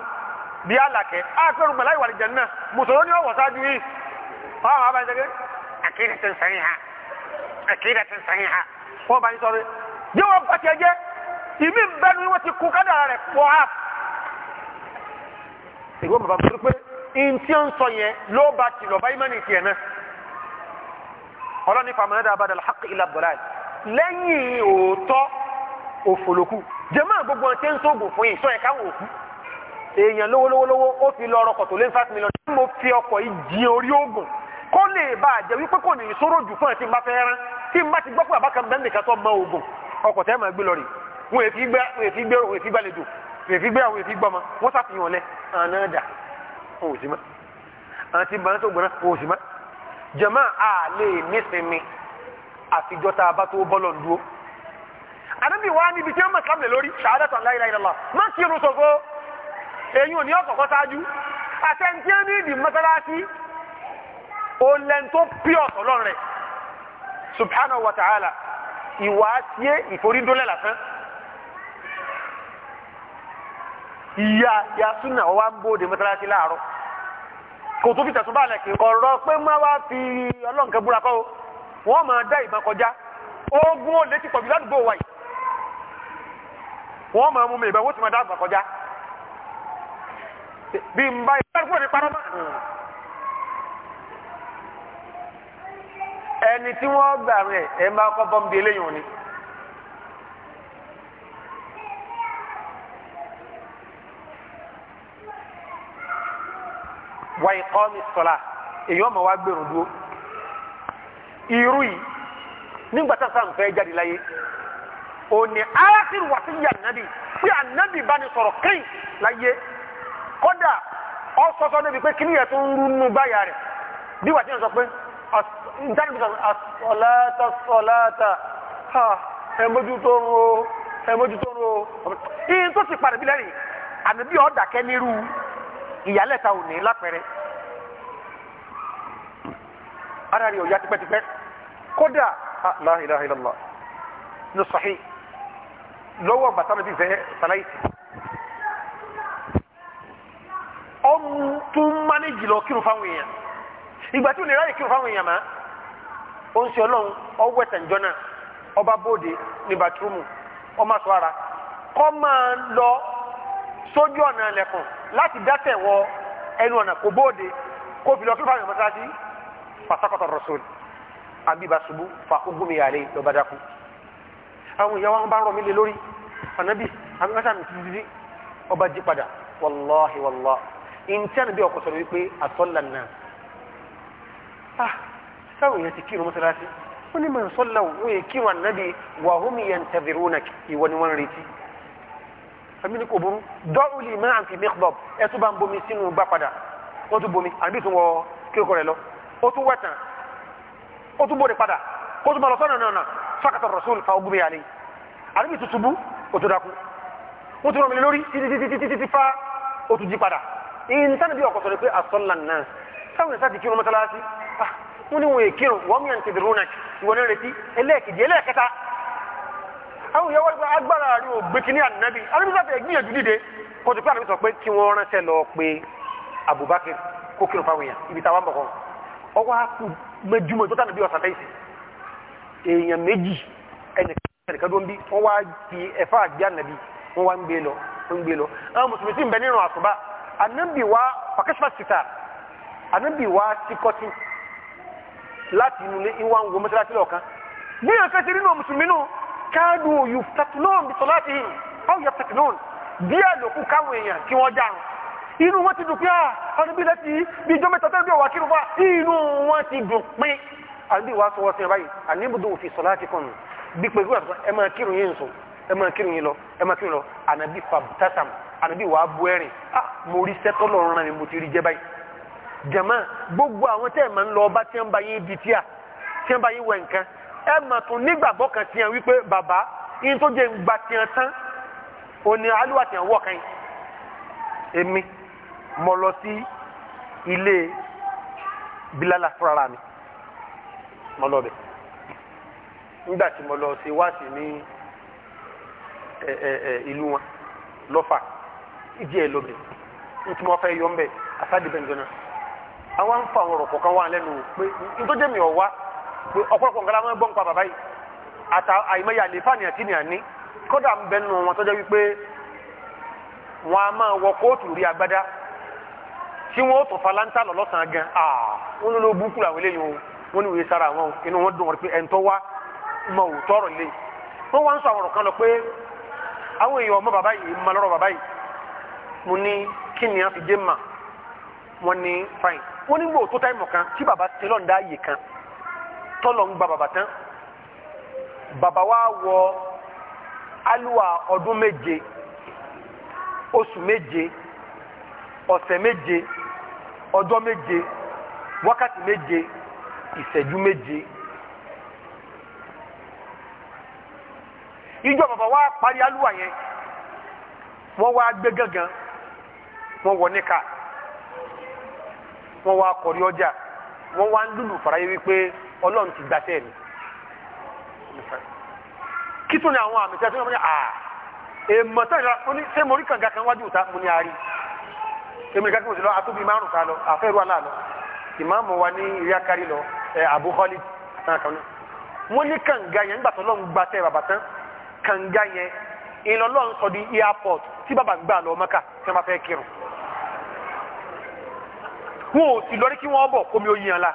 Speaker 1: bí alàkẹ́ àpé orùngbà láì wà ní jẹ̀nà mùsùlùmí ni ọ̀wọ̀ sáájú yìí wọ́n àwọn abáyé sẹ́gẹ́ àkíyèsí ti ń sẹ́yìn ha àkíyèsí ti ń sẹ́yìn ha wọ́n bá yín sọ pé bí wọ́n bá tiẹ̀ jẹ́ ìmí ń bẹ́nu ti kú kádàrà rẹ̀ pọ̀ áàpù ìwọ bàbá mi pé ntí ń sọ yẹn ló bá ti lọ báyìí má ní tiẹ̀ náà ọlọ́ni fàmìlẹ́dà abadà alhaq ilà bọ̀láì lẹ́yìn òótọ́ òfòlókù jẹ́mọ́ gbogbo ọ̀tẹ́ ń sóògùn fún yìí sọ ẹ̀ka wò kú èèyàn lówólówólówó ó fi lọ ọrọ̀ kọ̀tò lé five million tí mo fi ọkọ̀ yìí di orí oògùn kó lè bá a jẹ wípé kò ní ìṣòro jù fún ẹ̀ tí n bá fẹ́ rán tí n bá ti gbọ́ pé àbákan bẹ́ẹ̀ nìkan tó mọ oògùn ọkọ̀ tẹ́ máa gbé lọ rè wọn èfi gbàlejò èfi gbé àwọn èfi gbọmọ wọn sàfihàn lẹ àná dà wọn ò sí mọ àti bàrẹ tó gbọnà wọn ò sí mọ jẹmọ a lè nísinmi àfijọ́ tá a bá tó bọ́lọ̀ ń dúró àdébí wa níbi tí wọn máa sábẹ̀ lórí ṣàádọ́tà la ilaha illallah má kí irun ṣòfò èyí ò ní ọ̀kọ̀ọ̀kọ̀ ṣáájú àtẹnudí ní ìdí mọ́sálásí olẹ́ntó pí ọ̀sọ̀ lọ́rẹ̀ subhanahu wa ta'ala ìwà tiẹ̀ ìforídólẹ̀ lásán. ìyá ya súnà ọwá ń bóde mọ́sálásí láàárọ̀ kò tó fi tẹ̀sùn bá lẹ̀kì ọ̀rọ̀ pé má wá fi ọlọ́nkẹ́ búra kọ́ wọ́n máa dá ìmọ̀ kọjá ogun ó létí pọ̀jù ládùúgbò wa yìí wọ́n máa mú mi ìbẹ̀wò tí máa dá ìmọ̀ kọjá bí n bá ní ẹni tí wọ́n gbà rẹ̀ máa kọ́ bọ́m̀bì eléyìí òní. wa ìkọ́mi èyí ọmọ wa gbèrò dúró irú yìí nígbà tá a sàn fẹ́ jáde láyé òní ákìrì wà sí yànnàbì tí ànábì bá ní sọ̀rọ̀ kéyìn láyé kódà ọ sọ́sọ́ débi pé kíní yẹn tó ń rú nínú báyà rẹ̀ bí sọ pé ẹ mójú tó ń ro ẹ mójú tó ń ro ìyẹn tó bí lẹ́yìn ànábì ọ̀dàkẹ́ nírú. ìyálẹ̀ta ò ní lápẹ̀rẹ̀ ara rẹ̀ ò yá tipẹ́tipẹ́ kódà la lọ́wọ́ ti fẹ́ sàlàyé ọmú lọ kírun fáwọn èèyàn ìgbà tí ò ráyè fáwọn èèyàn ń ṣe ọlọ́run ọwọ́ ẹ̀tẹ̀njọ́ náà ọba bóde ní ọmọ ara kọ́ máa lọ sójú ọ̀nà ẹlẹ́kùn láti dátẹ̀ wọ ẹnu ọ̀nà kò bóde kó fi lọ kí fáwọn mọ́sáàtì pàṣẹkọ̀tọ̀ rọ̀sọ̀lì àbíbà ṣubú fa ogun mi yàrá lọ́ba dákú. àwọn ìyàwó wọn bá rọ mi lé lórí ànábì àmì wọn sàmì títí ọba jí padà wàláhi wàlá ìntẹ́nu bí ọkọ̀ sọ̀rọ̀ wípé àtọ́lá náà ah sáwọn èèyàn ti kírun mọ́sálásí wọ́n ní mọ̀ ń sọ́lá wọ́n yẹ kírun ànábì àmì ní kò burú dọ́ọ̀lì máa fi mẹ́kọ̀bọ̀b ẹ tó bá ń bomi sínú gbá padà ó tún bomi àbí tún wọ kíkọ rẹ lọ ó tún wẹ̀ tán ó tún bòde padà ó tún bá lọ sọ́nà náà fákàtà rasul fa ogun bẹ́yà lé àbí tuntun bú ó tún dákú ó tún rọmi lórí títítítítítí fa ó tún jí padà ìntànà bí ọkọ̀ sọ̀rọ̀ pé asọ́nlá náà sáwọn ìsáàtì kírun mọ́tálásí ah, wọ́n ní wọ́n èkírun wọ́n mìíràn ti dùrú náà ìwọ̀n ní retí ẹlẹ́ẹ̀kejì ẹlẹ́ẹ̀kẹta àwọn èèyàn wọ́n gba agbára rí o gbé kínní ànábì ànábì sábẹ̀ gbìyànjú dìde kò tó pé ànábì sọ pé kí wọ́n ránṣẹ́ lọ pé Abubakar kó kírun fáwọn èèyàn ibi táwọn bọ̀ kọ́ ọwọ́ akú mẹjúmọ́ tó tàbí ọ̀sán tẹ́sí èèyàn méjì ẹnìkan tó ń bí wọ́n wá fi ẹ̀fà àgbẹ̀ ànábì wọ́n wá ń gbé lọ ń gbé lọ àwọn mùsùlùmí sì ń bẹ nínú àsùbá ànábì wá pàkẹ́sìmá sítà ànábì wá síkọ́tì láti inú ilé ìwà ń wo mọ́sálásí lọ́ọ̀kan bí èèyàn fẹ́ ti rí nínú mùsùlùmí náà kánú yuftatinun bí salatihim aw yaftatinun díẹ̀ ló kú káwọn èèyàn kí wọ́n járun inú wọn ti dùn pé ah, ọdún bí lẹ́tí bí ìjọba ìtọ́tẹ́ bí ọwà kírun fa inú wọn ti dùn pé àbí wàá sọ wọ́n sí ẹ báyìí àníbùdó fi salatikum bí pẹ̀lú àtúntò ẹ máa kírun yín sùn ẹ ah mo rí sẹ́tọ́ lọ́rùn náà ni mo ti rí jẹ́ báyìí jàmá gbogbo àwọn tẹ́ ẹ̀ máa yín ẹ mà tún nígbàgbọ́ kan tiẹ̀ wípé bàbá yín tó jẹ́ gba tiẹ̀ tán òní alúwa tiẹ̀ wọ̀ kan èmi mo lọ sí ilé bilala fúrara mi mo lọ bẹ nígbà tí mo lọ sí wáàsí ní ìlú wọn lọ́fà ìdí ẹ̀ lóbi nítorí wọn fẹ́ yọ ń bẹ asádìbẹ̀ ń jọ náà àwọn ọ̀pọ̀lọpọ̀ ngalama láwọn ẹgbọ́n nípa bàbá yìí àtà àìmọye àlefa ni àti ni àní kódà ń bẹ nù wọn tọ́jọ́ wípé wọn a máa wọ kóòtù rí agbádá tí wọn ó tún falanta lọ lọ́sàn-án gan ah ló eléyìí wọn ní sára inú wọn dùn wọn pé ẹ̀ńtọ́ wá mọ òótọ́ ọ̀rọ̀ lé wọn wá ń sọ àwọn ọ̀rọ̀ kan lọ pé àwọn èèyàn ọmọ bàbá yìí ma lọ́rọ̀ bàbá yìí ni fain wọn kan tí tọ́lọ̀ ń gba bàbá tán bàbá wa wọ alúwa ọdún méje oṣù méje ọ̀sẹ̀ méje ọjọ́ méje wákàtí méje ìṣẹ́jú méje. ìjọ bàbá wa pari alúwa yẹn wọ́n wá gbé gángan wọ́n wọ níkà wọ́n wá kọrí ọjà wọ́n wá ń lùlù fàráyé wípé ọlọ́run ti gbàtẹ́ mi kí tún ní àwọn àmì tí a ti ń wọ́n ní àà èèmọ̀ tó ìlera ó ní ṣé mo rí kànga kan wájú ìta mo ní a rí èmi nìkan kí mo sì lọ atóbi márùn ká lọ àfẹ́rù àlá lọ ìmáàmù wa ní ìrí akari lọ ẹ Abu Khalid náà kan náà mo ní kànga yẹn nígbà tó lọ́n gbàtẹ́ bàbá tán kànga yẹn ìlọlọ́run sọ di airport tí bàbá gbà lọ Mẹ́kà tí wọ́n bá fẹ́ kírun wọn ò sì lọ rí kí wọ́n bọ̀ kómi ó yíyan la.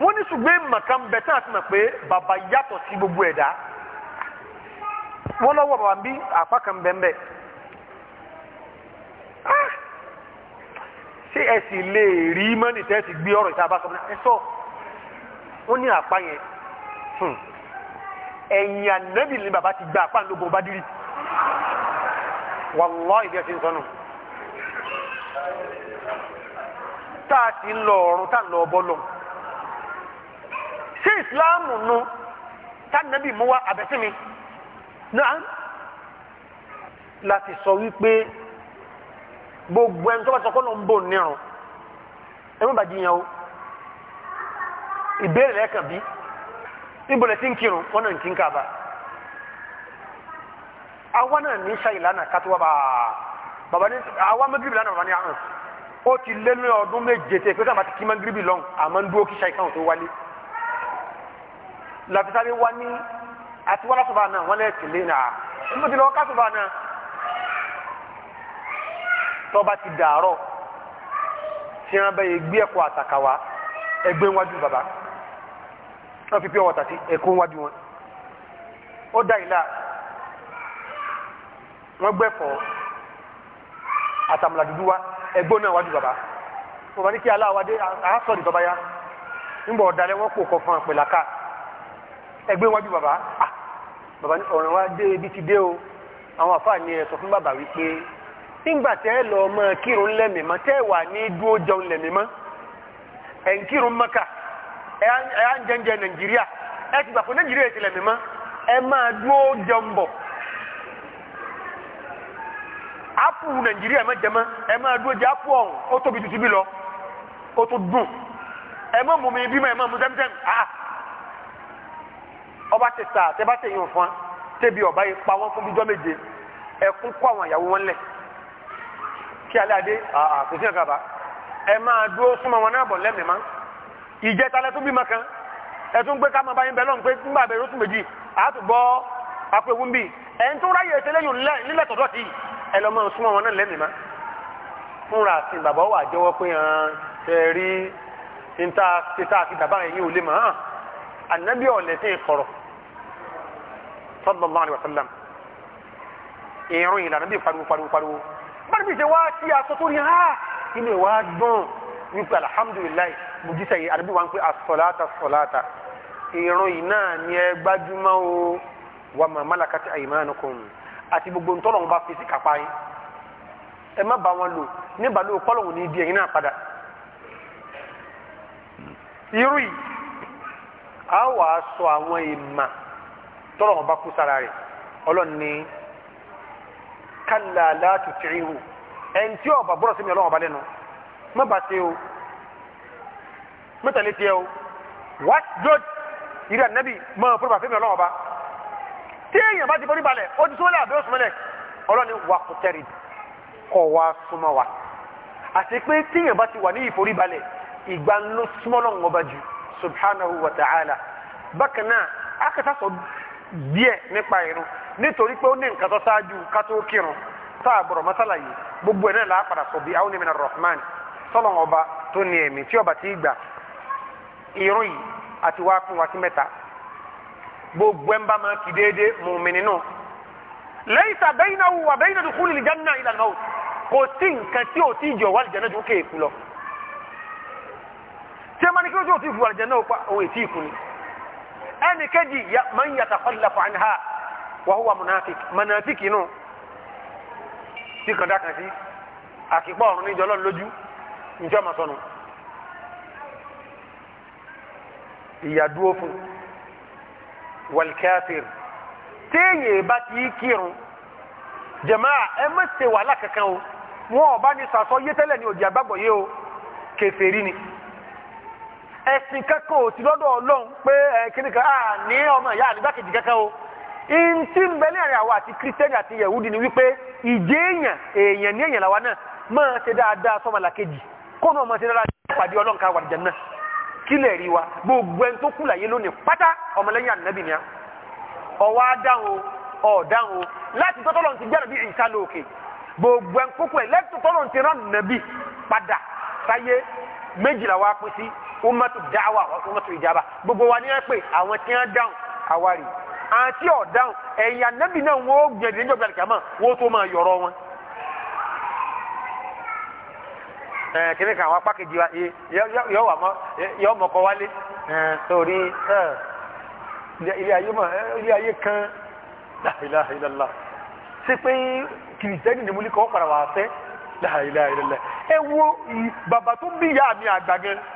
Speaker 1: wọ́n ní ṣùgbọ́n èèmà kan bẹ̀ tí a ti mọ̀ pé bàbá yàtọ̀ sí gbogbo ẹ̀dá wọ́n lọ́wọ́ bàbá bí apá kan bẹ́ẹ̀ ah! ṣé ẹ sì lè rí mọ́nì tẹ́ ti gbé ọ̀rọ̀ ìta bá sọ ẹ sọ wọ́n ní apá yẹn hmm. ẹ̀yìn ànẹ́bì ni bàbá ti gba apá ńlọ́gbọ̀n bá dírí wàlọ́ ìdí ẹ̀sìn sọnù tá a ti ń lọ ọ̀run tá a ń lọ ọbọ̀ lọ́hùn sí ìsìláàmù nu tánàbì mú wa àbẹ́sìnmi náà láti sọ wípé gbogbo ẹni tó bá sọ pé lóun bò ní ọ ẹ má bàjẹ́ yẹn o ìbéèrè lẹ́ẹ̀kan bí níbo lẹ ti ń kírun wọn náà ń kí ń kàbà àwa náà ní ṣe ìlànà kátówá bá bàbá ní àwa mẹgìrìbì lánàá bàbá ní àhàn ó ti lé ní ọdún méje tẹ pé káàmà ti kí mẹgìrìbì lọ́n àmọ́ ń dúró kí ṣe ìkàwọn tó wálé lafisari wani ati wala soba na wala kele na nbọdila ọka soba na tọba ti dàárọ̀ tí wọn bẹ yẹ gbé ẹ̀kọ ẹgbẹ baba wọn fi pé ọwọ́ tàti nwaju. wọn ó dá ìlà wọn gbẹfọ atamula dudu wa baba wọn bá ní kí aláwọ adé àásọ̀rì baba ya ń bọ̀ wọn fún ẹgbẹ́ wájú bàbá ah bàbá ní ọ̀ràn wa dé ibi ti dé o àwọn àfáà ni ẹ sọ fún bàbá wípé nígbà tẹ́ ẹ lọ ọmọ kírun lẹ́mìí mọ́ tẹ́ ẹ wà ní dúró jẹun lẹ́mìí mọ́ ẹ̀ ń kírun mọ́kà ẹ̀ á ń jẹ́ńjẹ nàìjíríà ẹ ti gbà fún nàìjíríà ti lẹ́mìí mọ́ ẹ máa dúró jẹun bọ̀ apu nàìjíríà má jẹ mọ́ ẹ máa dúró jẹ apu ọ̀hún ó tóbi tuntun bí lọ ó tó dùn ẹ má mú mi bí mọ́ ẹ má mú tẹ́mítẹ́mí ah, ọba ti sà tẹ́bá ti yìn fún tẹ́bi ọba yìí pa wọ́n fún bíjọ́ méje ẹkún kọ́ àwọn ìyàwó wọn lẹ̀ kí alẹ́ adé kò sí ẹ̀ka bá ẹ máa dúró súnmọ́ wọn náà bọ̀ lẹ́mìí má ìjẹta lẹ́tún bímọ kan ẹtún gbé ká máa bá yín bẹ́ẹ̀ lọ́nù pé ńgbà bẹ̀rẹ̀ oṣù méjì àtúgbọ́ ń bì ẹ̀ ń tún ráyè ètẹ́lẹ́yìn nílẹ̀ tọ̀dọ̀ tí ẹ lọ́ máa súnmọ́ wọn náà lẹ́mìí má fúnra àti bàbá wà jẹ́wọ́ pé hàn ṣe rí níta títà àti bàbá yìí ò lè mọ̀ hàn anabi ọ̀lẹ́tẹ̀ kọ̀rọ̀ sallallahu alayhi wa sallam ìrún ìlànà bíi pariwo pariwo pariwo bá níbi ìṣe wá sí aṣọ tó rí ha inú ìwà dùn wípé alhamdulilayi mo jíṣẹ́ yìí anabi wa ń pè asọ̀láta sọ̀láta ìrún yìí náà ni ẹ gbájúmọ́ o wa ma malakati aymanukum àti gbogbo ntọ́nà wọn bá fi sí kápá yín ẹ má bá wọn lò níbàlú kọ́lọ̀ wọn ní ibi ẹ̀yin náà padà irú yìí a wàá sọ àwọn ìmà tọrọ wọn bá kú sára rẹ̀ ọlọ́run ní kálá láti tìrìhù ẹn tí ọba bọ́rọ̀ sí mi ọlọ́run ọba lẹ́nu má bàa ṣe o mẹ́tàlẹ́ tiẹ̀ o wá jọ́d ìrì ànábì máa fún bàfẹ́ mi ọlọ́run ọba tí èèyàn bá ti borí balẹ̀ ó ti súnmọ́lẹ̀ àbí ó súnmọ́lẹ̀ ọlọ́run wà kò tẹ̀rì kọ̀ wá súnmọ́ wa àti pé tí èèyàn bá ti wà ní ìforíbalẹ̀ ìgbà ńlọ súnmọ́ ọba jù subhanahu wa ta'ala bákan náà akẹ́sàsọ díẹ̀ nípa irun nítorí pé ó ní nǹkan tó ṣáájú ká tó kírun tá a bọ̀rọ̀ mọ́sálà yìí gbogbo ẹ̀ náà là á padà sọ bí àwọn onímọ̀ rahman sọlọ́n ọba tó ní ẹ̀mí tí ọba ti gbà irun yìí àti wá pín wá sí mẹ́ta gbogbo ẹ̀ ń bá máa kì déédéé mùmìnì náà laysa baynahu wa bayna dukhulil janna ila al-maut kò sí nǹkan tí ò tí ì jọ wà lìjẹ́ náà ju kéèkú lọ tí a máa ní kí ló tí ò tí fún àlìjẹ náà pa òun ètí ìkú ni ẹnì kejì máa ń yàtà fọlá fún àníhà wà hùwà mọ̀nàfíkì mọ̀nàfíkì nù tí kan dá kan sí àkìpọ̀ ọ̀run níjọ́ lọ́n lójú níjọ́ máa sọnù ìyà fún wàlìkẹ́fìr téèyàn bá ti kírun jẹ̀máà ẹ má ṣe wàhálà kankan o wọn ò bá ní sàsọ yé tẹ́lẹ̀ òjì àgbàgbọ̀ yé o kèfèrí ni. ẹ̀sìn kankan ò ti lọ́dọ̀ ọlọ́run pé ẹ̀ kíni kan ní ọmọ ìyá o ntí ń bẹ lẹ́rìn àwa àti kírísítẹ́nì àti yẹ̀wúdi ni wípé ìjẹ́ èèyàn èèyàn ní èèyàn làwa náà máa ṣe dáadáa sọ́mọlàkejì kó náà ọmọ ṣe dáadáa pàdé ọlọ́run ká wà ní Jánnà kílẹ̀ rí wa gbogbo ẹni tó kù láyé lónìí pátá ọmọlẹ́yìn ànábì ni ọwọ́ o ọ̀dáhùn ti bí lóòkè gbogbo ẹni kókó ẹ̀ wa pín umatu da'wa wa umatu ijaba gbogbo wa ní ẹ pé àwọn tí wọn dáhùn àwárí àti ọ̀dáhùn ẹ̀yà nẹ́bì náà wọ́n gbẹ̀dẹ̀ níjọba àlìkàmọ́ wọ́n tó máa yọ̀rọ̀ wọn. kíni kan àwọn apá kejì wa yọ wà mọ yọ mọkọ wálé torí ilé ayé mọ ilé ayé kan la ilaha illallah ṣe pé kìrìtẹ́nì ni mo ní kọ́ padà wà á fẹ́ la ilaha illallah ẹ wo bàbá tó bí ìyá mi àgbà gan-an.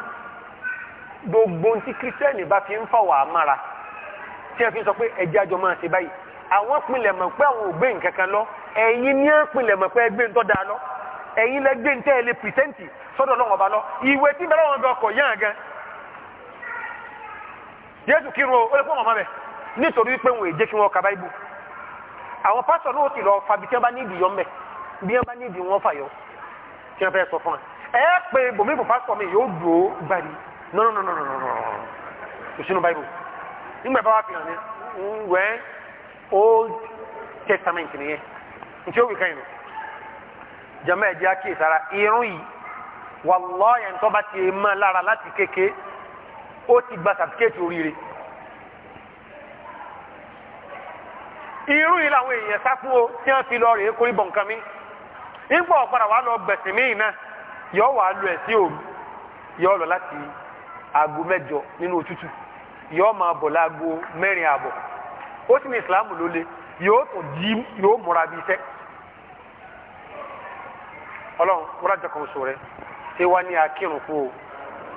Speaker 1: gbogbo tí kírísítẹ́nì bá fi ń fà wà á mára tí ẹ fi sọ pé ẹjẹ́ àjọ máa ṣe báyìí àwọn pinlẹ̀ mọ̀ pé àwọn ò gbé nǹkan kan lọ ẹ̀yin ní à ń pinlẹ̀ mọ̀ pé ẹgbẹ́ ń tọ́ da lọ ẹ̀yin lẹ gbé ń tẹ́ ẹ lè pìrìsẹ́ǹtì sọ́dọ̀ lọ́wọ́ ọba lọ ìwé tí bẹ́ẹ̀ lọ́wọ́ ọkọ̀ yá gan jésù kírun o ó lè pọ́ mọ̀mọ́ bẹ̀ nítorí pé wọn èjé kí wọn ka báíbù àwọn pásítọ̀ náà ti lọ fabi tí wọn bá ní ìdí yọ mbẹ bí wọn bá ní ìdí wọn fà yọ tí wọn fẹ́ sọ fún wa ẹ pé bòmíbò pásítọ̀ mi yóò dùn ó gbàdí no no no no no no no sínú báyìí no bá wà fi hàn ní wẹ́ old testament nìyẹn nti o wí kan yìí no jama ẹ̀ jẹ́ àkíyèsí irun yi, wàlọ́ọ̀yà ń ti ma lára láti kéke ó ti gba sàtíkéètì oríire Irun yìí làwọn èèyàn sá fún o tí wọ́n fi lọ rèé kórí nǹkan mi nígbà ọ̀padà wà lọ gbẹ̀sìn míì náà wà á ẹ̀ sí òru yọ lọ láti ago mẹjọ nínú òtútù yóò máa bọ̀ láago mẹ́rin àbọ̀ ó sì ní ìsìláàmù ló le yóò tún jí yóò múra bí iṣẹ́ ọlọ́run wọ́lájọ kan sọ rẹ ṣé wá ní akírun fún o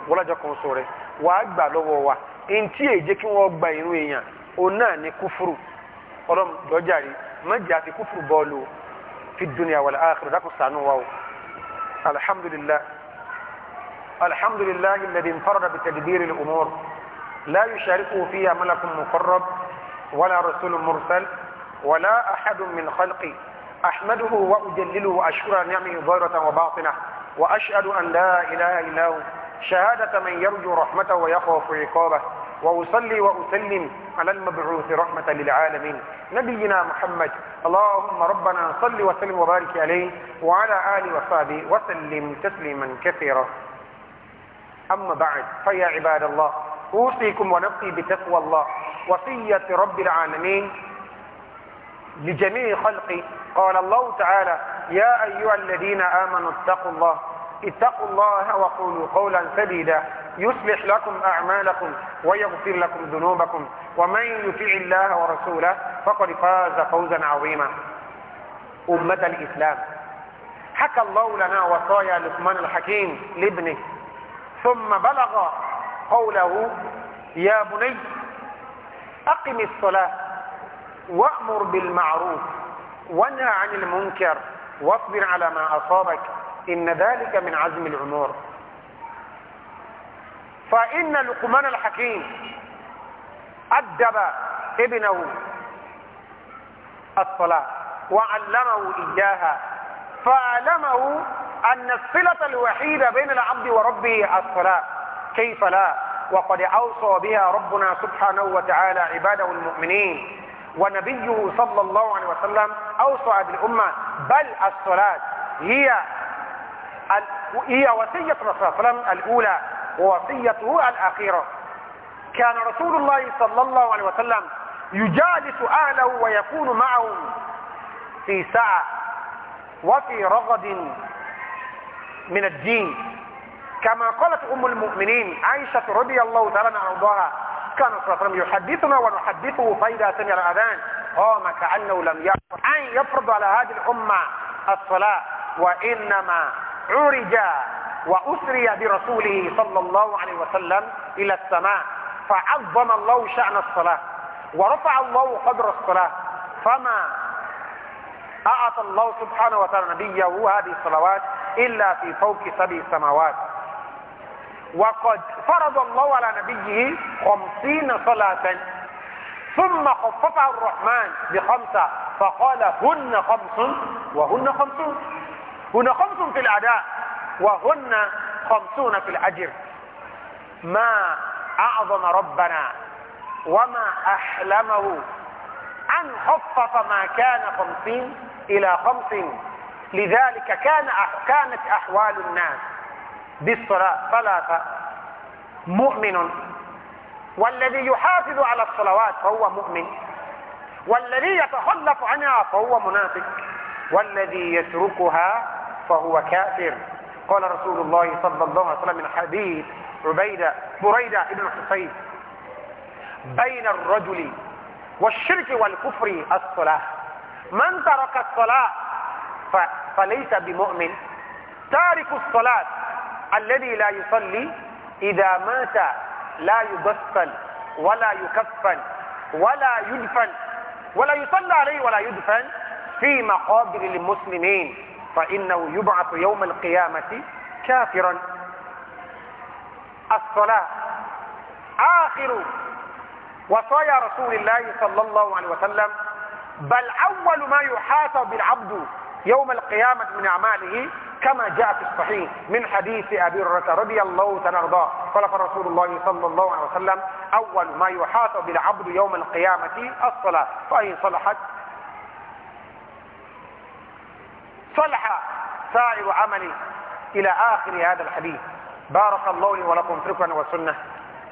Speaker 1: wọ́lájọ kan sọ rẹ wàá gbà lọ́wọ́ wa ntí èjé kí wọ́n gba irun èèyàn òun náà ní kúfúrú ọlọ́run dọ́jà rí àti kúfúrú bọ́ọ̀lù fi wa o الحمد لله الذي انفرد بتدبير الأمور لا يشاركه فيها ملك مقرب ولا رسول مرسل ولا أحد من خلقي أحمده وأجلله وأشكر نعمه ظاهرة وباطنة وأشهد أن لا إله إلا هو شهادة من يرجو رحمته ويخاف عقابه وأصلي وأسلم على المبعوث رحمة للعالمين نبينا محمد اللهم ربنا صل وسلم وبارك عليه وعلى آله وصحبه وسلم تسليما كثيرا أما بعد فيا عباد الله أوصيكم ونفسي بتقوى الله وصية رب العالمين لجميع خلقه قال الله تعالى يا أيها الذين آمنوا اتقوا الله اتقوا الله وقولوا قولا سديدا يصلح لكم أعمالكم ويغفر لكم ذنوبكم ومن يطع الله ورسوله فقد فاز فوزا عظيما أمة الإسلام حكى الله لنا وصايا لقمان الحكيم لابنه ثم بلغ قوله يا بني أقم الصلاة وأمر بالمعروف وانهى عن المنكر واصبر على ما أصابك إن ذلك من عزم الأمور فإن لقمان الحكيم أدب ابنه الصلاة وعلمه إياها فاعلمه أن الصلة الوحيدة بين العبد وربه الصلاة كيف لا وقد أوصى بها ربنا سبحانه وتعالى عباده المؤمنين ونبيه صلى الله عليه وسلم أوصى بالأمة بل الصلاة هي هي وصية رسول الله صلى الله عليه وسلم الأولى ووصيته الأخيرة كان رسول الله صلى الله عليه وسلم يجالس أهله ويكون معهم في ساعة وفي رغد من الدين كما قالت أم المؤمنين عائشة رضي الله تعالى عنها كان صلى الله عليه وسلم يحدثنا ونحدثه فإذا سمع الأذان قام كأنه لم يفرض أن يفرض على هذه الأمة الصلاة وإنما عرج وأسري برسوله صلى الله عليه وسلم إلى السماء فعظم الله شأن الصلاة ورفع الله قدر الصلاة فما أعطى الله سبحانه وتعالى نبيه هذه الصلوات إلا في فوق سبع سماوات وقد فرض الله على نبيه خمسين صلاة ثم خففها الرحمن بخمسة فقال هن خمس وهن خمسون هن خمس في الأداء وهن خمسون في الأجر ما أعظم ربنا وما أحلمه أن خفف ما كان خمسين إلى خمس لذلك كان كانت أحوال الناس بالصلاة ثلاثة مؤمن والذي يحافظ على الصلوات فهو مؤمن والذي يتخلف عنها فهو منافق والذي يتركها فهو كافر قال رسول الله صلى الله عليه وسلم من حديث عبيدة بريدة بن حسين بين الرجل والشرك والكفر الصلاة من ترك الصلاة فليس بمؤمن تارك الصلاة الذي لا يصلي إذا مات لا يغسل ولا يكفن ولا يدفن ولا يصلى عليه ولا يدفن في مقابر المسلمين فإنه يبعث يوم القيامة كافرا الصلاة آخر وصايا رسول الله صلى الله عليه وسلم بل أول ما يحاسب العبد يوم القيامة من أعماله كما جاء في الصحيح من حديث أبي هريرة رضي الله تعالى عنه قال رسول الله صلى الله عليه وسلم أول ما يحاسب العبد يوم القيامة الصلاة فإن صلحت صلح سائر عملي إلى آخر هذا الحديث بارك الله لي ولكم في القرآن والسنة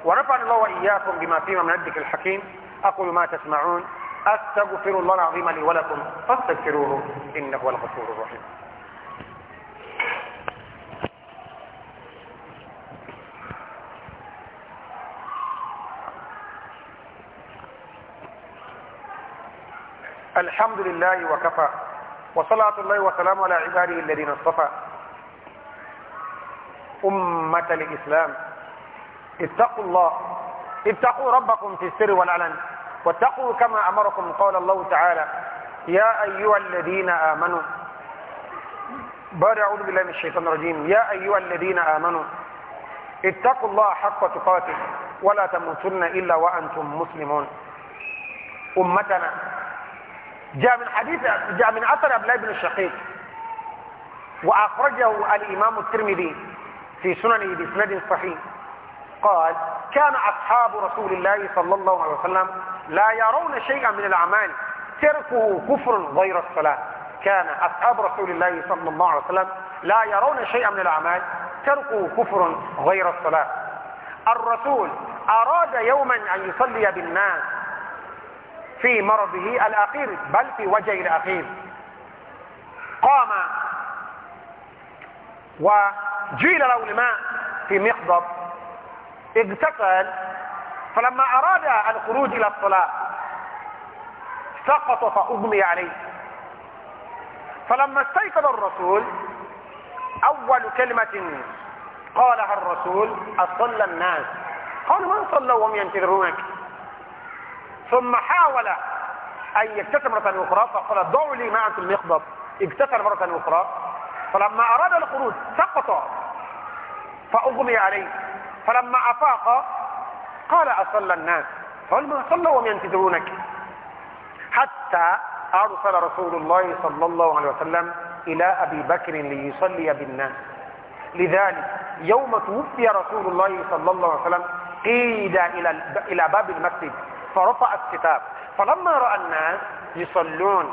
Speaker 1: ونفعني الله وإياكم بما فيما من الذكر الحكيم أقول ما تسمعون أستغفر الله العظيم لي ولكم فاستغفروه إنه هو الغفور الرحيم الحمد لله وكفى وصلاة الله وسلام على عباده الذين اصطفى أمة الإسلام اتقوا الله اتقوا ربكم في السر والعلن واتقوا كما أمركم قال الله تعالى يا أيها الذين آمنوا بعد أعوذ بالله من الشيطان الرجيم يا أيها الذين آمنوا اتقوا الله حق تقاته ولا تموتن إلا وأنتم مسلمون أمتنا جاء من حديث جاء من أثر الله بن الشقيق وأخرجه الإمام الترمذي في سننه بإسناد صحيح قال كان أصحاب رسول الله صلى الله عليه وسلم لا يرون شيئا من الأعمال تركه كفر غير الصلاة كان أصحاب رسول الله صلى الله عليه وسلم لا يرون شيئا من الأعمال تركه كفر غير الصلاة الرسول أراد يوما أن يصلي بالناس في مرضه الأخير بل في وجهه الأخير قام وجيل له الماء في مقضب اغتسل فلما أراد الخروج إلى الصلاة سقط فأغمي عليه فلما استيقظ الرسول أول كلمة قالها الرسول أصلى الناس قالوا من صلوا وهم ينتظرونك ثم حاول أن يكتسب مرة أخرى فقال دعوا لي ما أنتم المقبض اكتسب مرة أخرى فلما أراد الخروج سقط فأغمي عليه فلما أفاق قال أصلى الناس فهل ما صلوا وهم ينتظرونك حتى أرسل رسول الله صلى الله عليه وسلم إلى أبي بكر ليصلي بالناس لذلك يوم توفي رسول الله صلى الله عليه وسلم قيد إلى إلى باب المسجد فرفع الكتاب فلما رأى الناس يصلون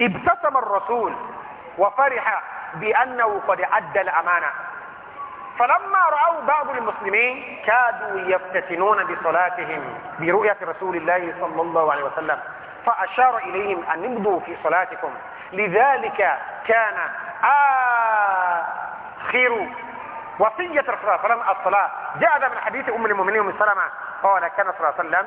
Speaker 1: ابتسم الرسول وفرح بأنه قد أدى الأمانة فلما رأوا بعض المسلمين كادوا يفتتنون بصلاتهم برؤية رسول الله صلى الله عليه وسلم فأشار إليهم أن امضوا في صلاتكم لذلك كان آخر وصية رسول الله صلى الله عليه وسلم الصلاة جاء هذا من حديث أم المؤمنين أم سلمة قال كان صلى الله عليه وسلم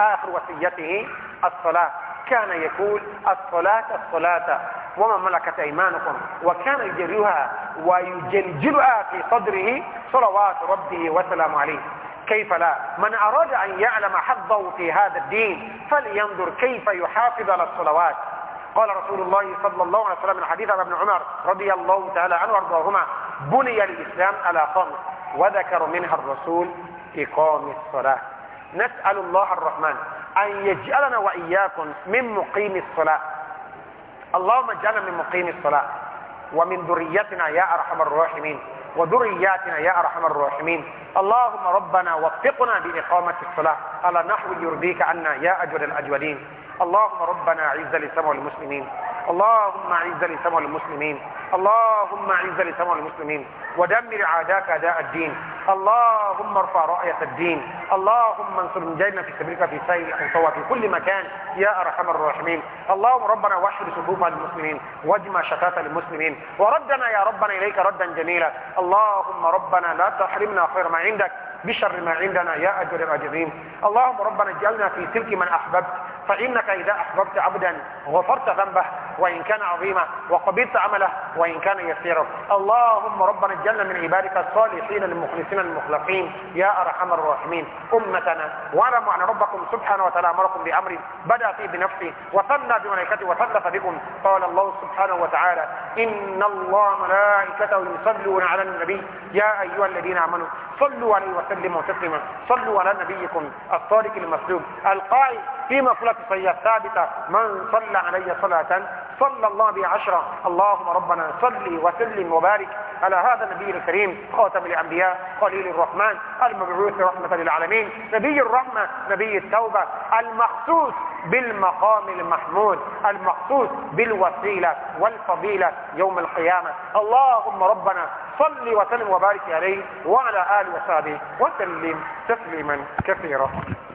Speaker 1: آخر وصيته الصلاة كان يقول الصلاة الصلاة وما ملكت أيمانكم وكان يجريها ويجلجلها في صدره صلوات ربه وسلام عليه كيف لا من أراد أن يعلم حظه في هذا الدين فلينظر كيف يحافظ على الصلوات قال رسول الله صلى الله عليه وسلم من حديث ابن عمر رضي الله تعالى عنه وارضاهما بني الإسلام على خمس وذكر منها الرسول إقام الصلاة نسأل الله الرحمن أن يجعلنا وإياكم من مقيم الصلاة اللهم اجعلنا من مقيم الصلاة ومن ذريتنا يا أرحم الراحمين وذرياتنا يا أرحم الراحمين اللهم ربنا وفقنا بإقامة الصلاة على نحو يرضيك عنا يا أجود الأجودين اللهم ربنا عز لسمع المسلمين اللهم اعز الاسلام والمسلمين اللهم اعز الاسلام والمسلمين ودمر اعداءك اعداء الدين اللهم ارفع رايه الدين اللهم انصر مجاهدنا في سبيلك في سائر الخطوات في كل مكان يا ارحم الراحمين اللهم ربنا وحد صفوف المسلمين واجمع شتات المسلمين وردنا يا ربنا اليك ردا جميلا اللهم ربنا لا تحرمنا خير ما عندك بشر ما عندنا يا أجر الراجعين اللهم ربنا اجعلنا في سلك من أحببت فإنك إذا أحببت عبدا غفرت ذنبه وإن كان عظيما وقبلت عمله وإن كان يسيرا اللهم ربنا اجعلنا من عبادك الصالحين المخلصين المخلصين يا أرحم الراحمين أمتنا واعلموا أن ربكم سبحانه وتعالى أمركم بأمر بدأ فيه بنفسه وثنى بملائكته وثلث بكم قال الله سبحانه وتعالى إن الله ملائكته يصلون على النبي يا أيها الذين آمنوا صلوا عليه وسلم وسلم تسليما صلوا على نبيكم الطارق المسلوب القائل في مقولة صحيحة ثابتة من صلى علي صلاة صلى الله بعشرة اللهم ربنا صل وسلم وبارك على هذا النبي الكريم خاتم الأنبياء خليل الرحمن المبعوث رحمة للعالمين نبي الرحمة نبي التوبة المخصوص بالمقام المحمود المخصوص بالوسيلة والفضيلة يوم القيامة اللهم ربنا صل وسلم وبارك عليه وعلى آله وصحبه وسلم تسليما كثيرا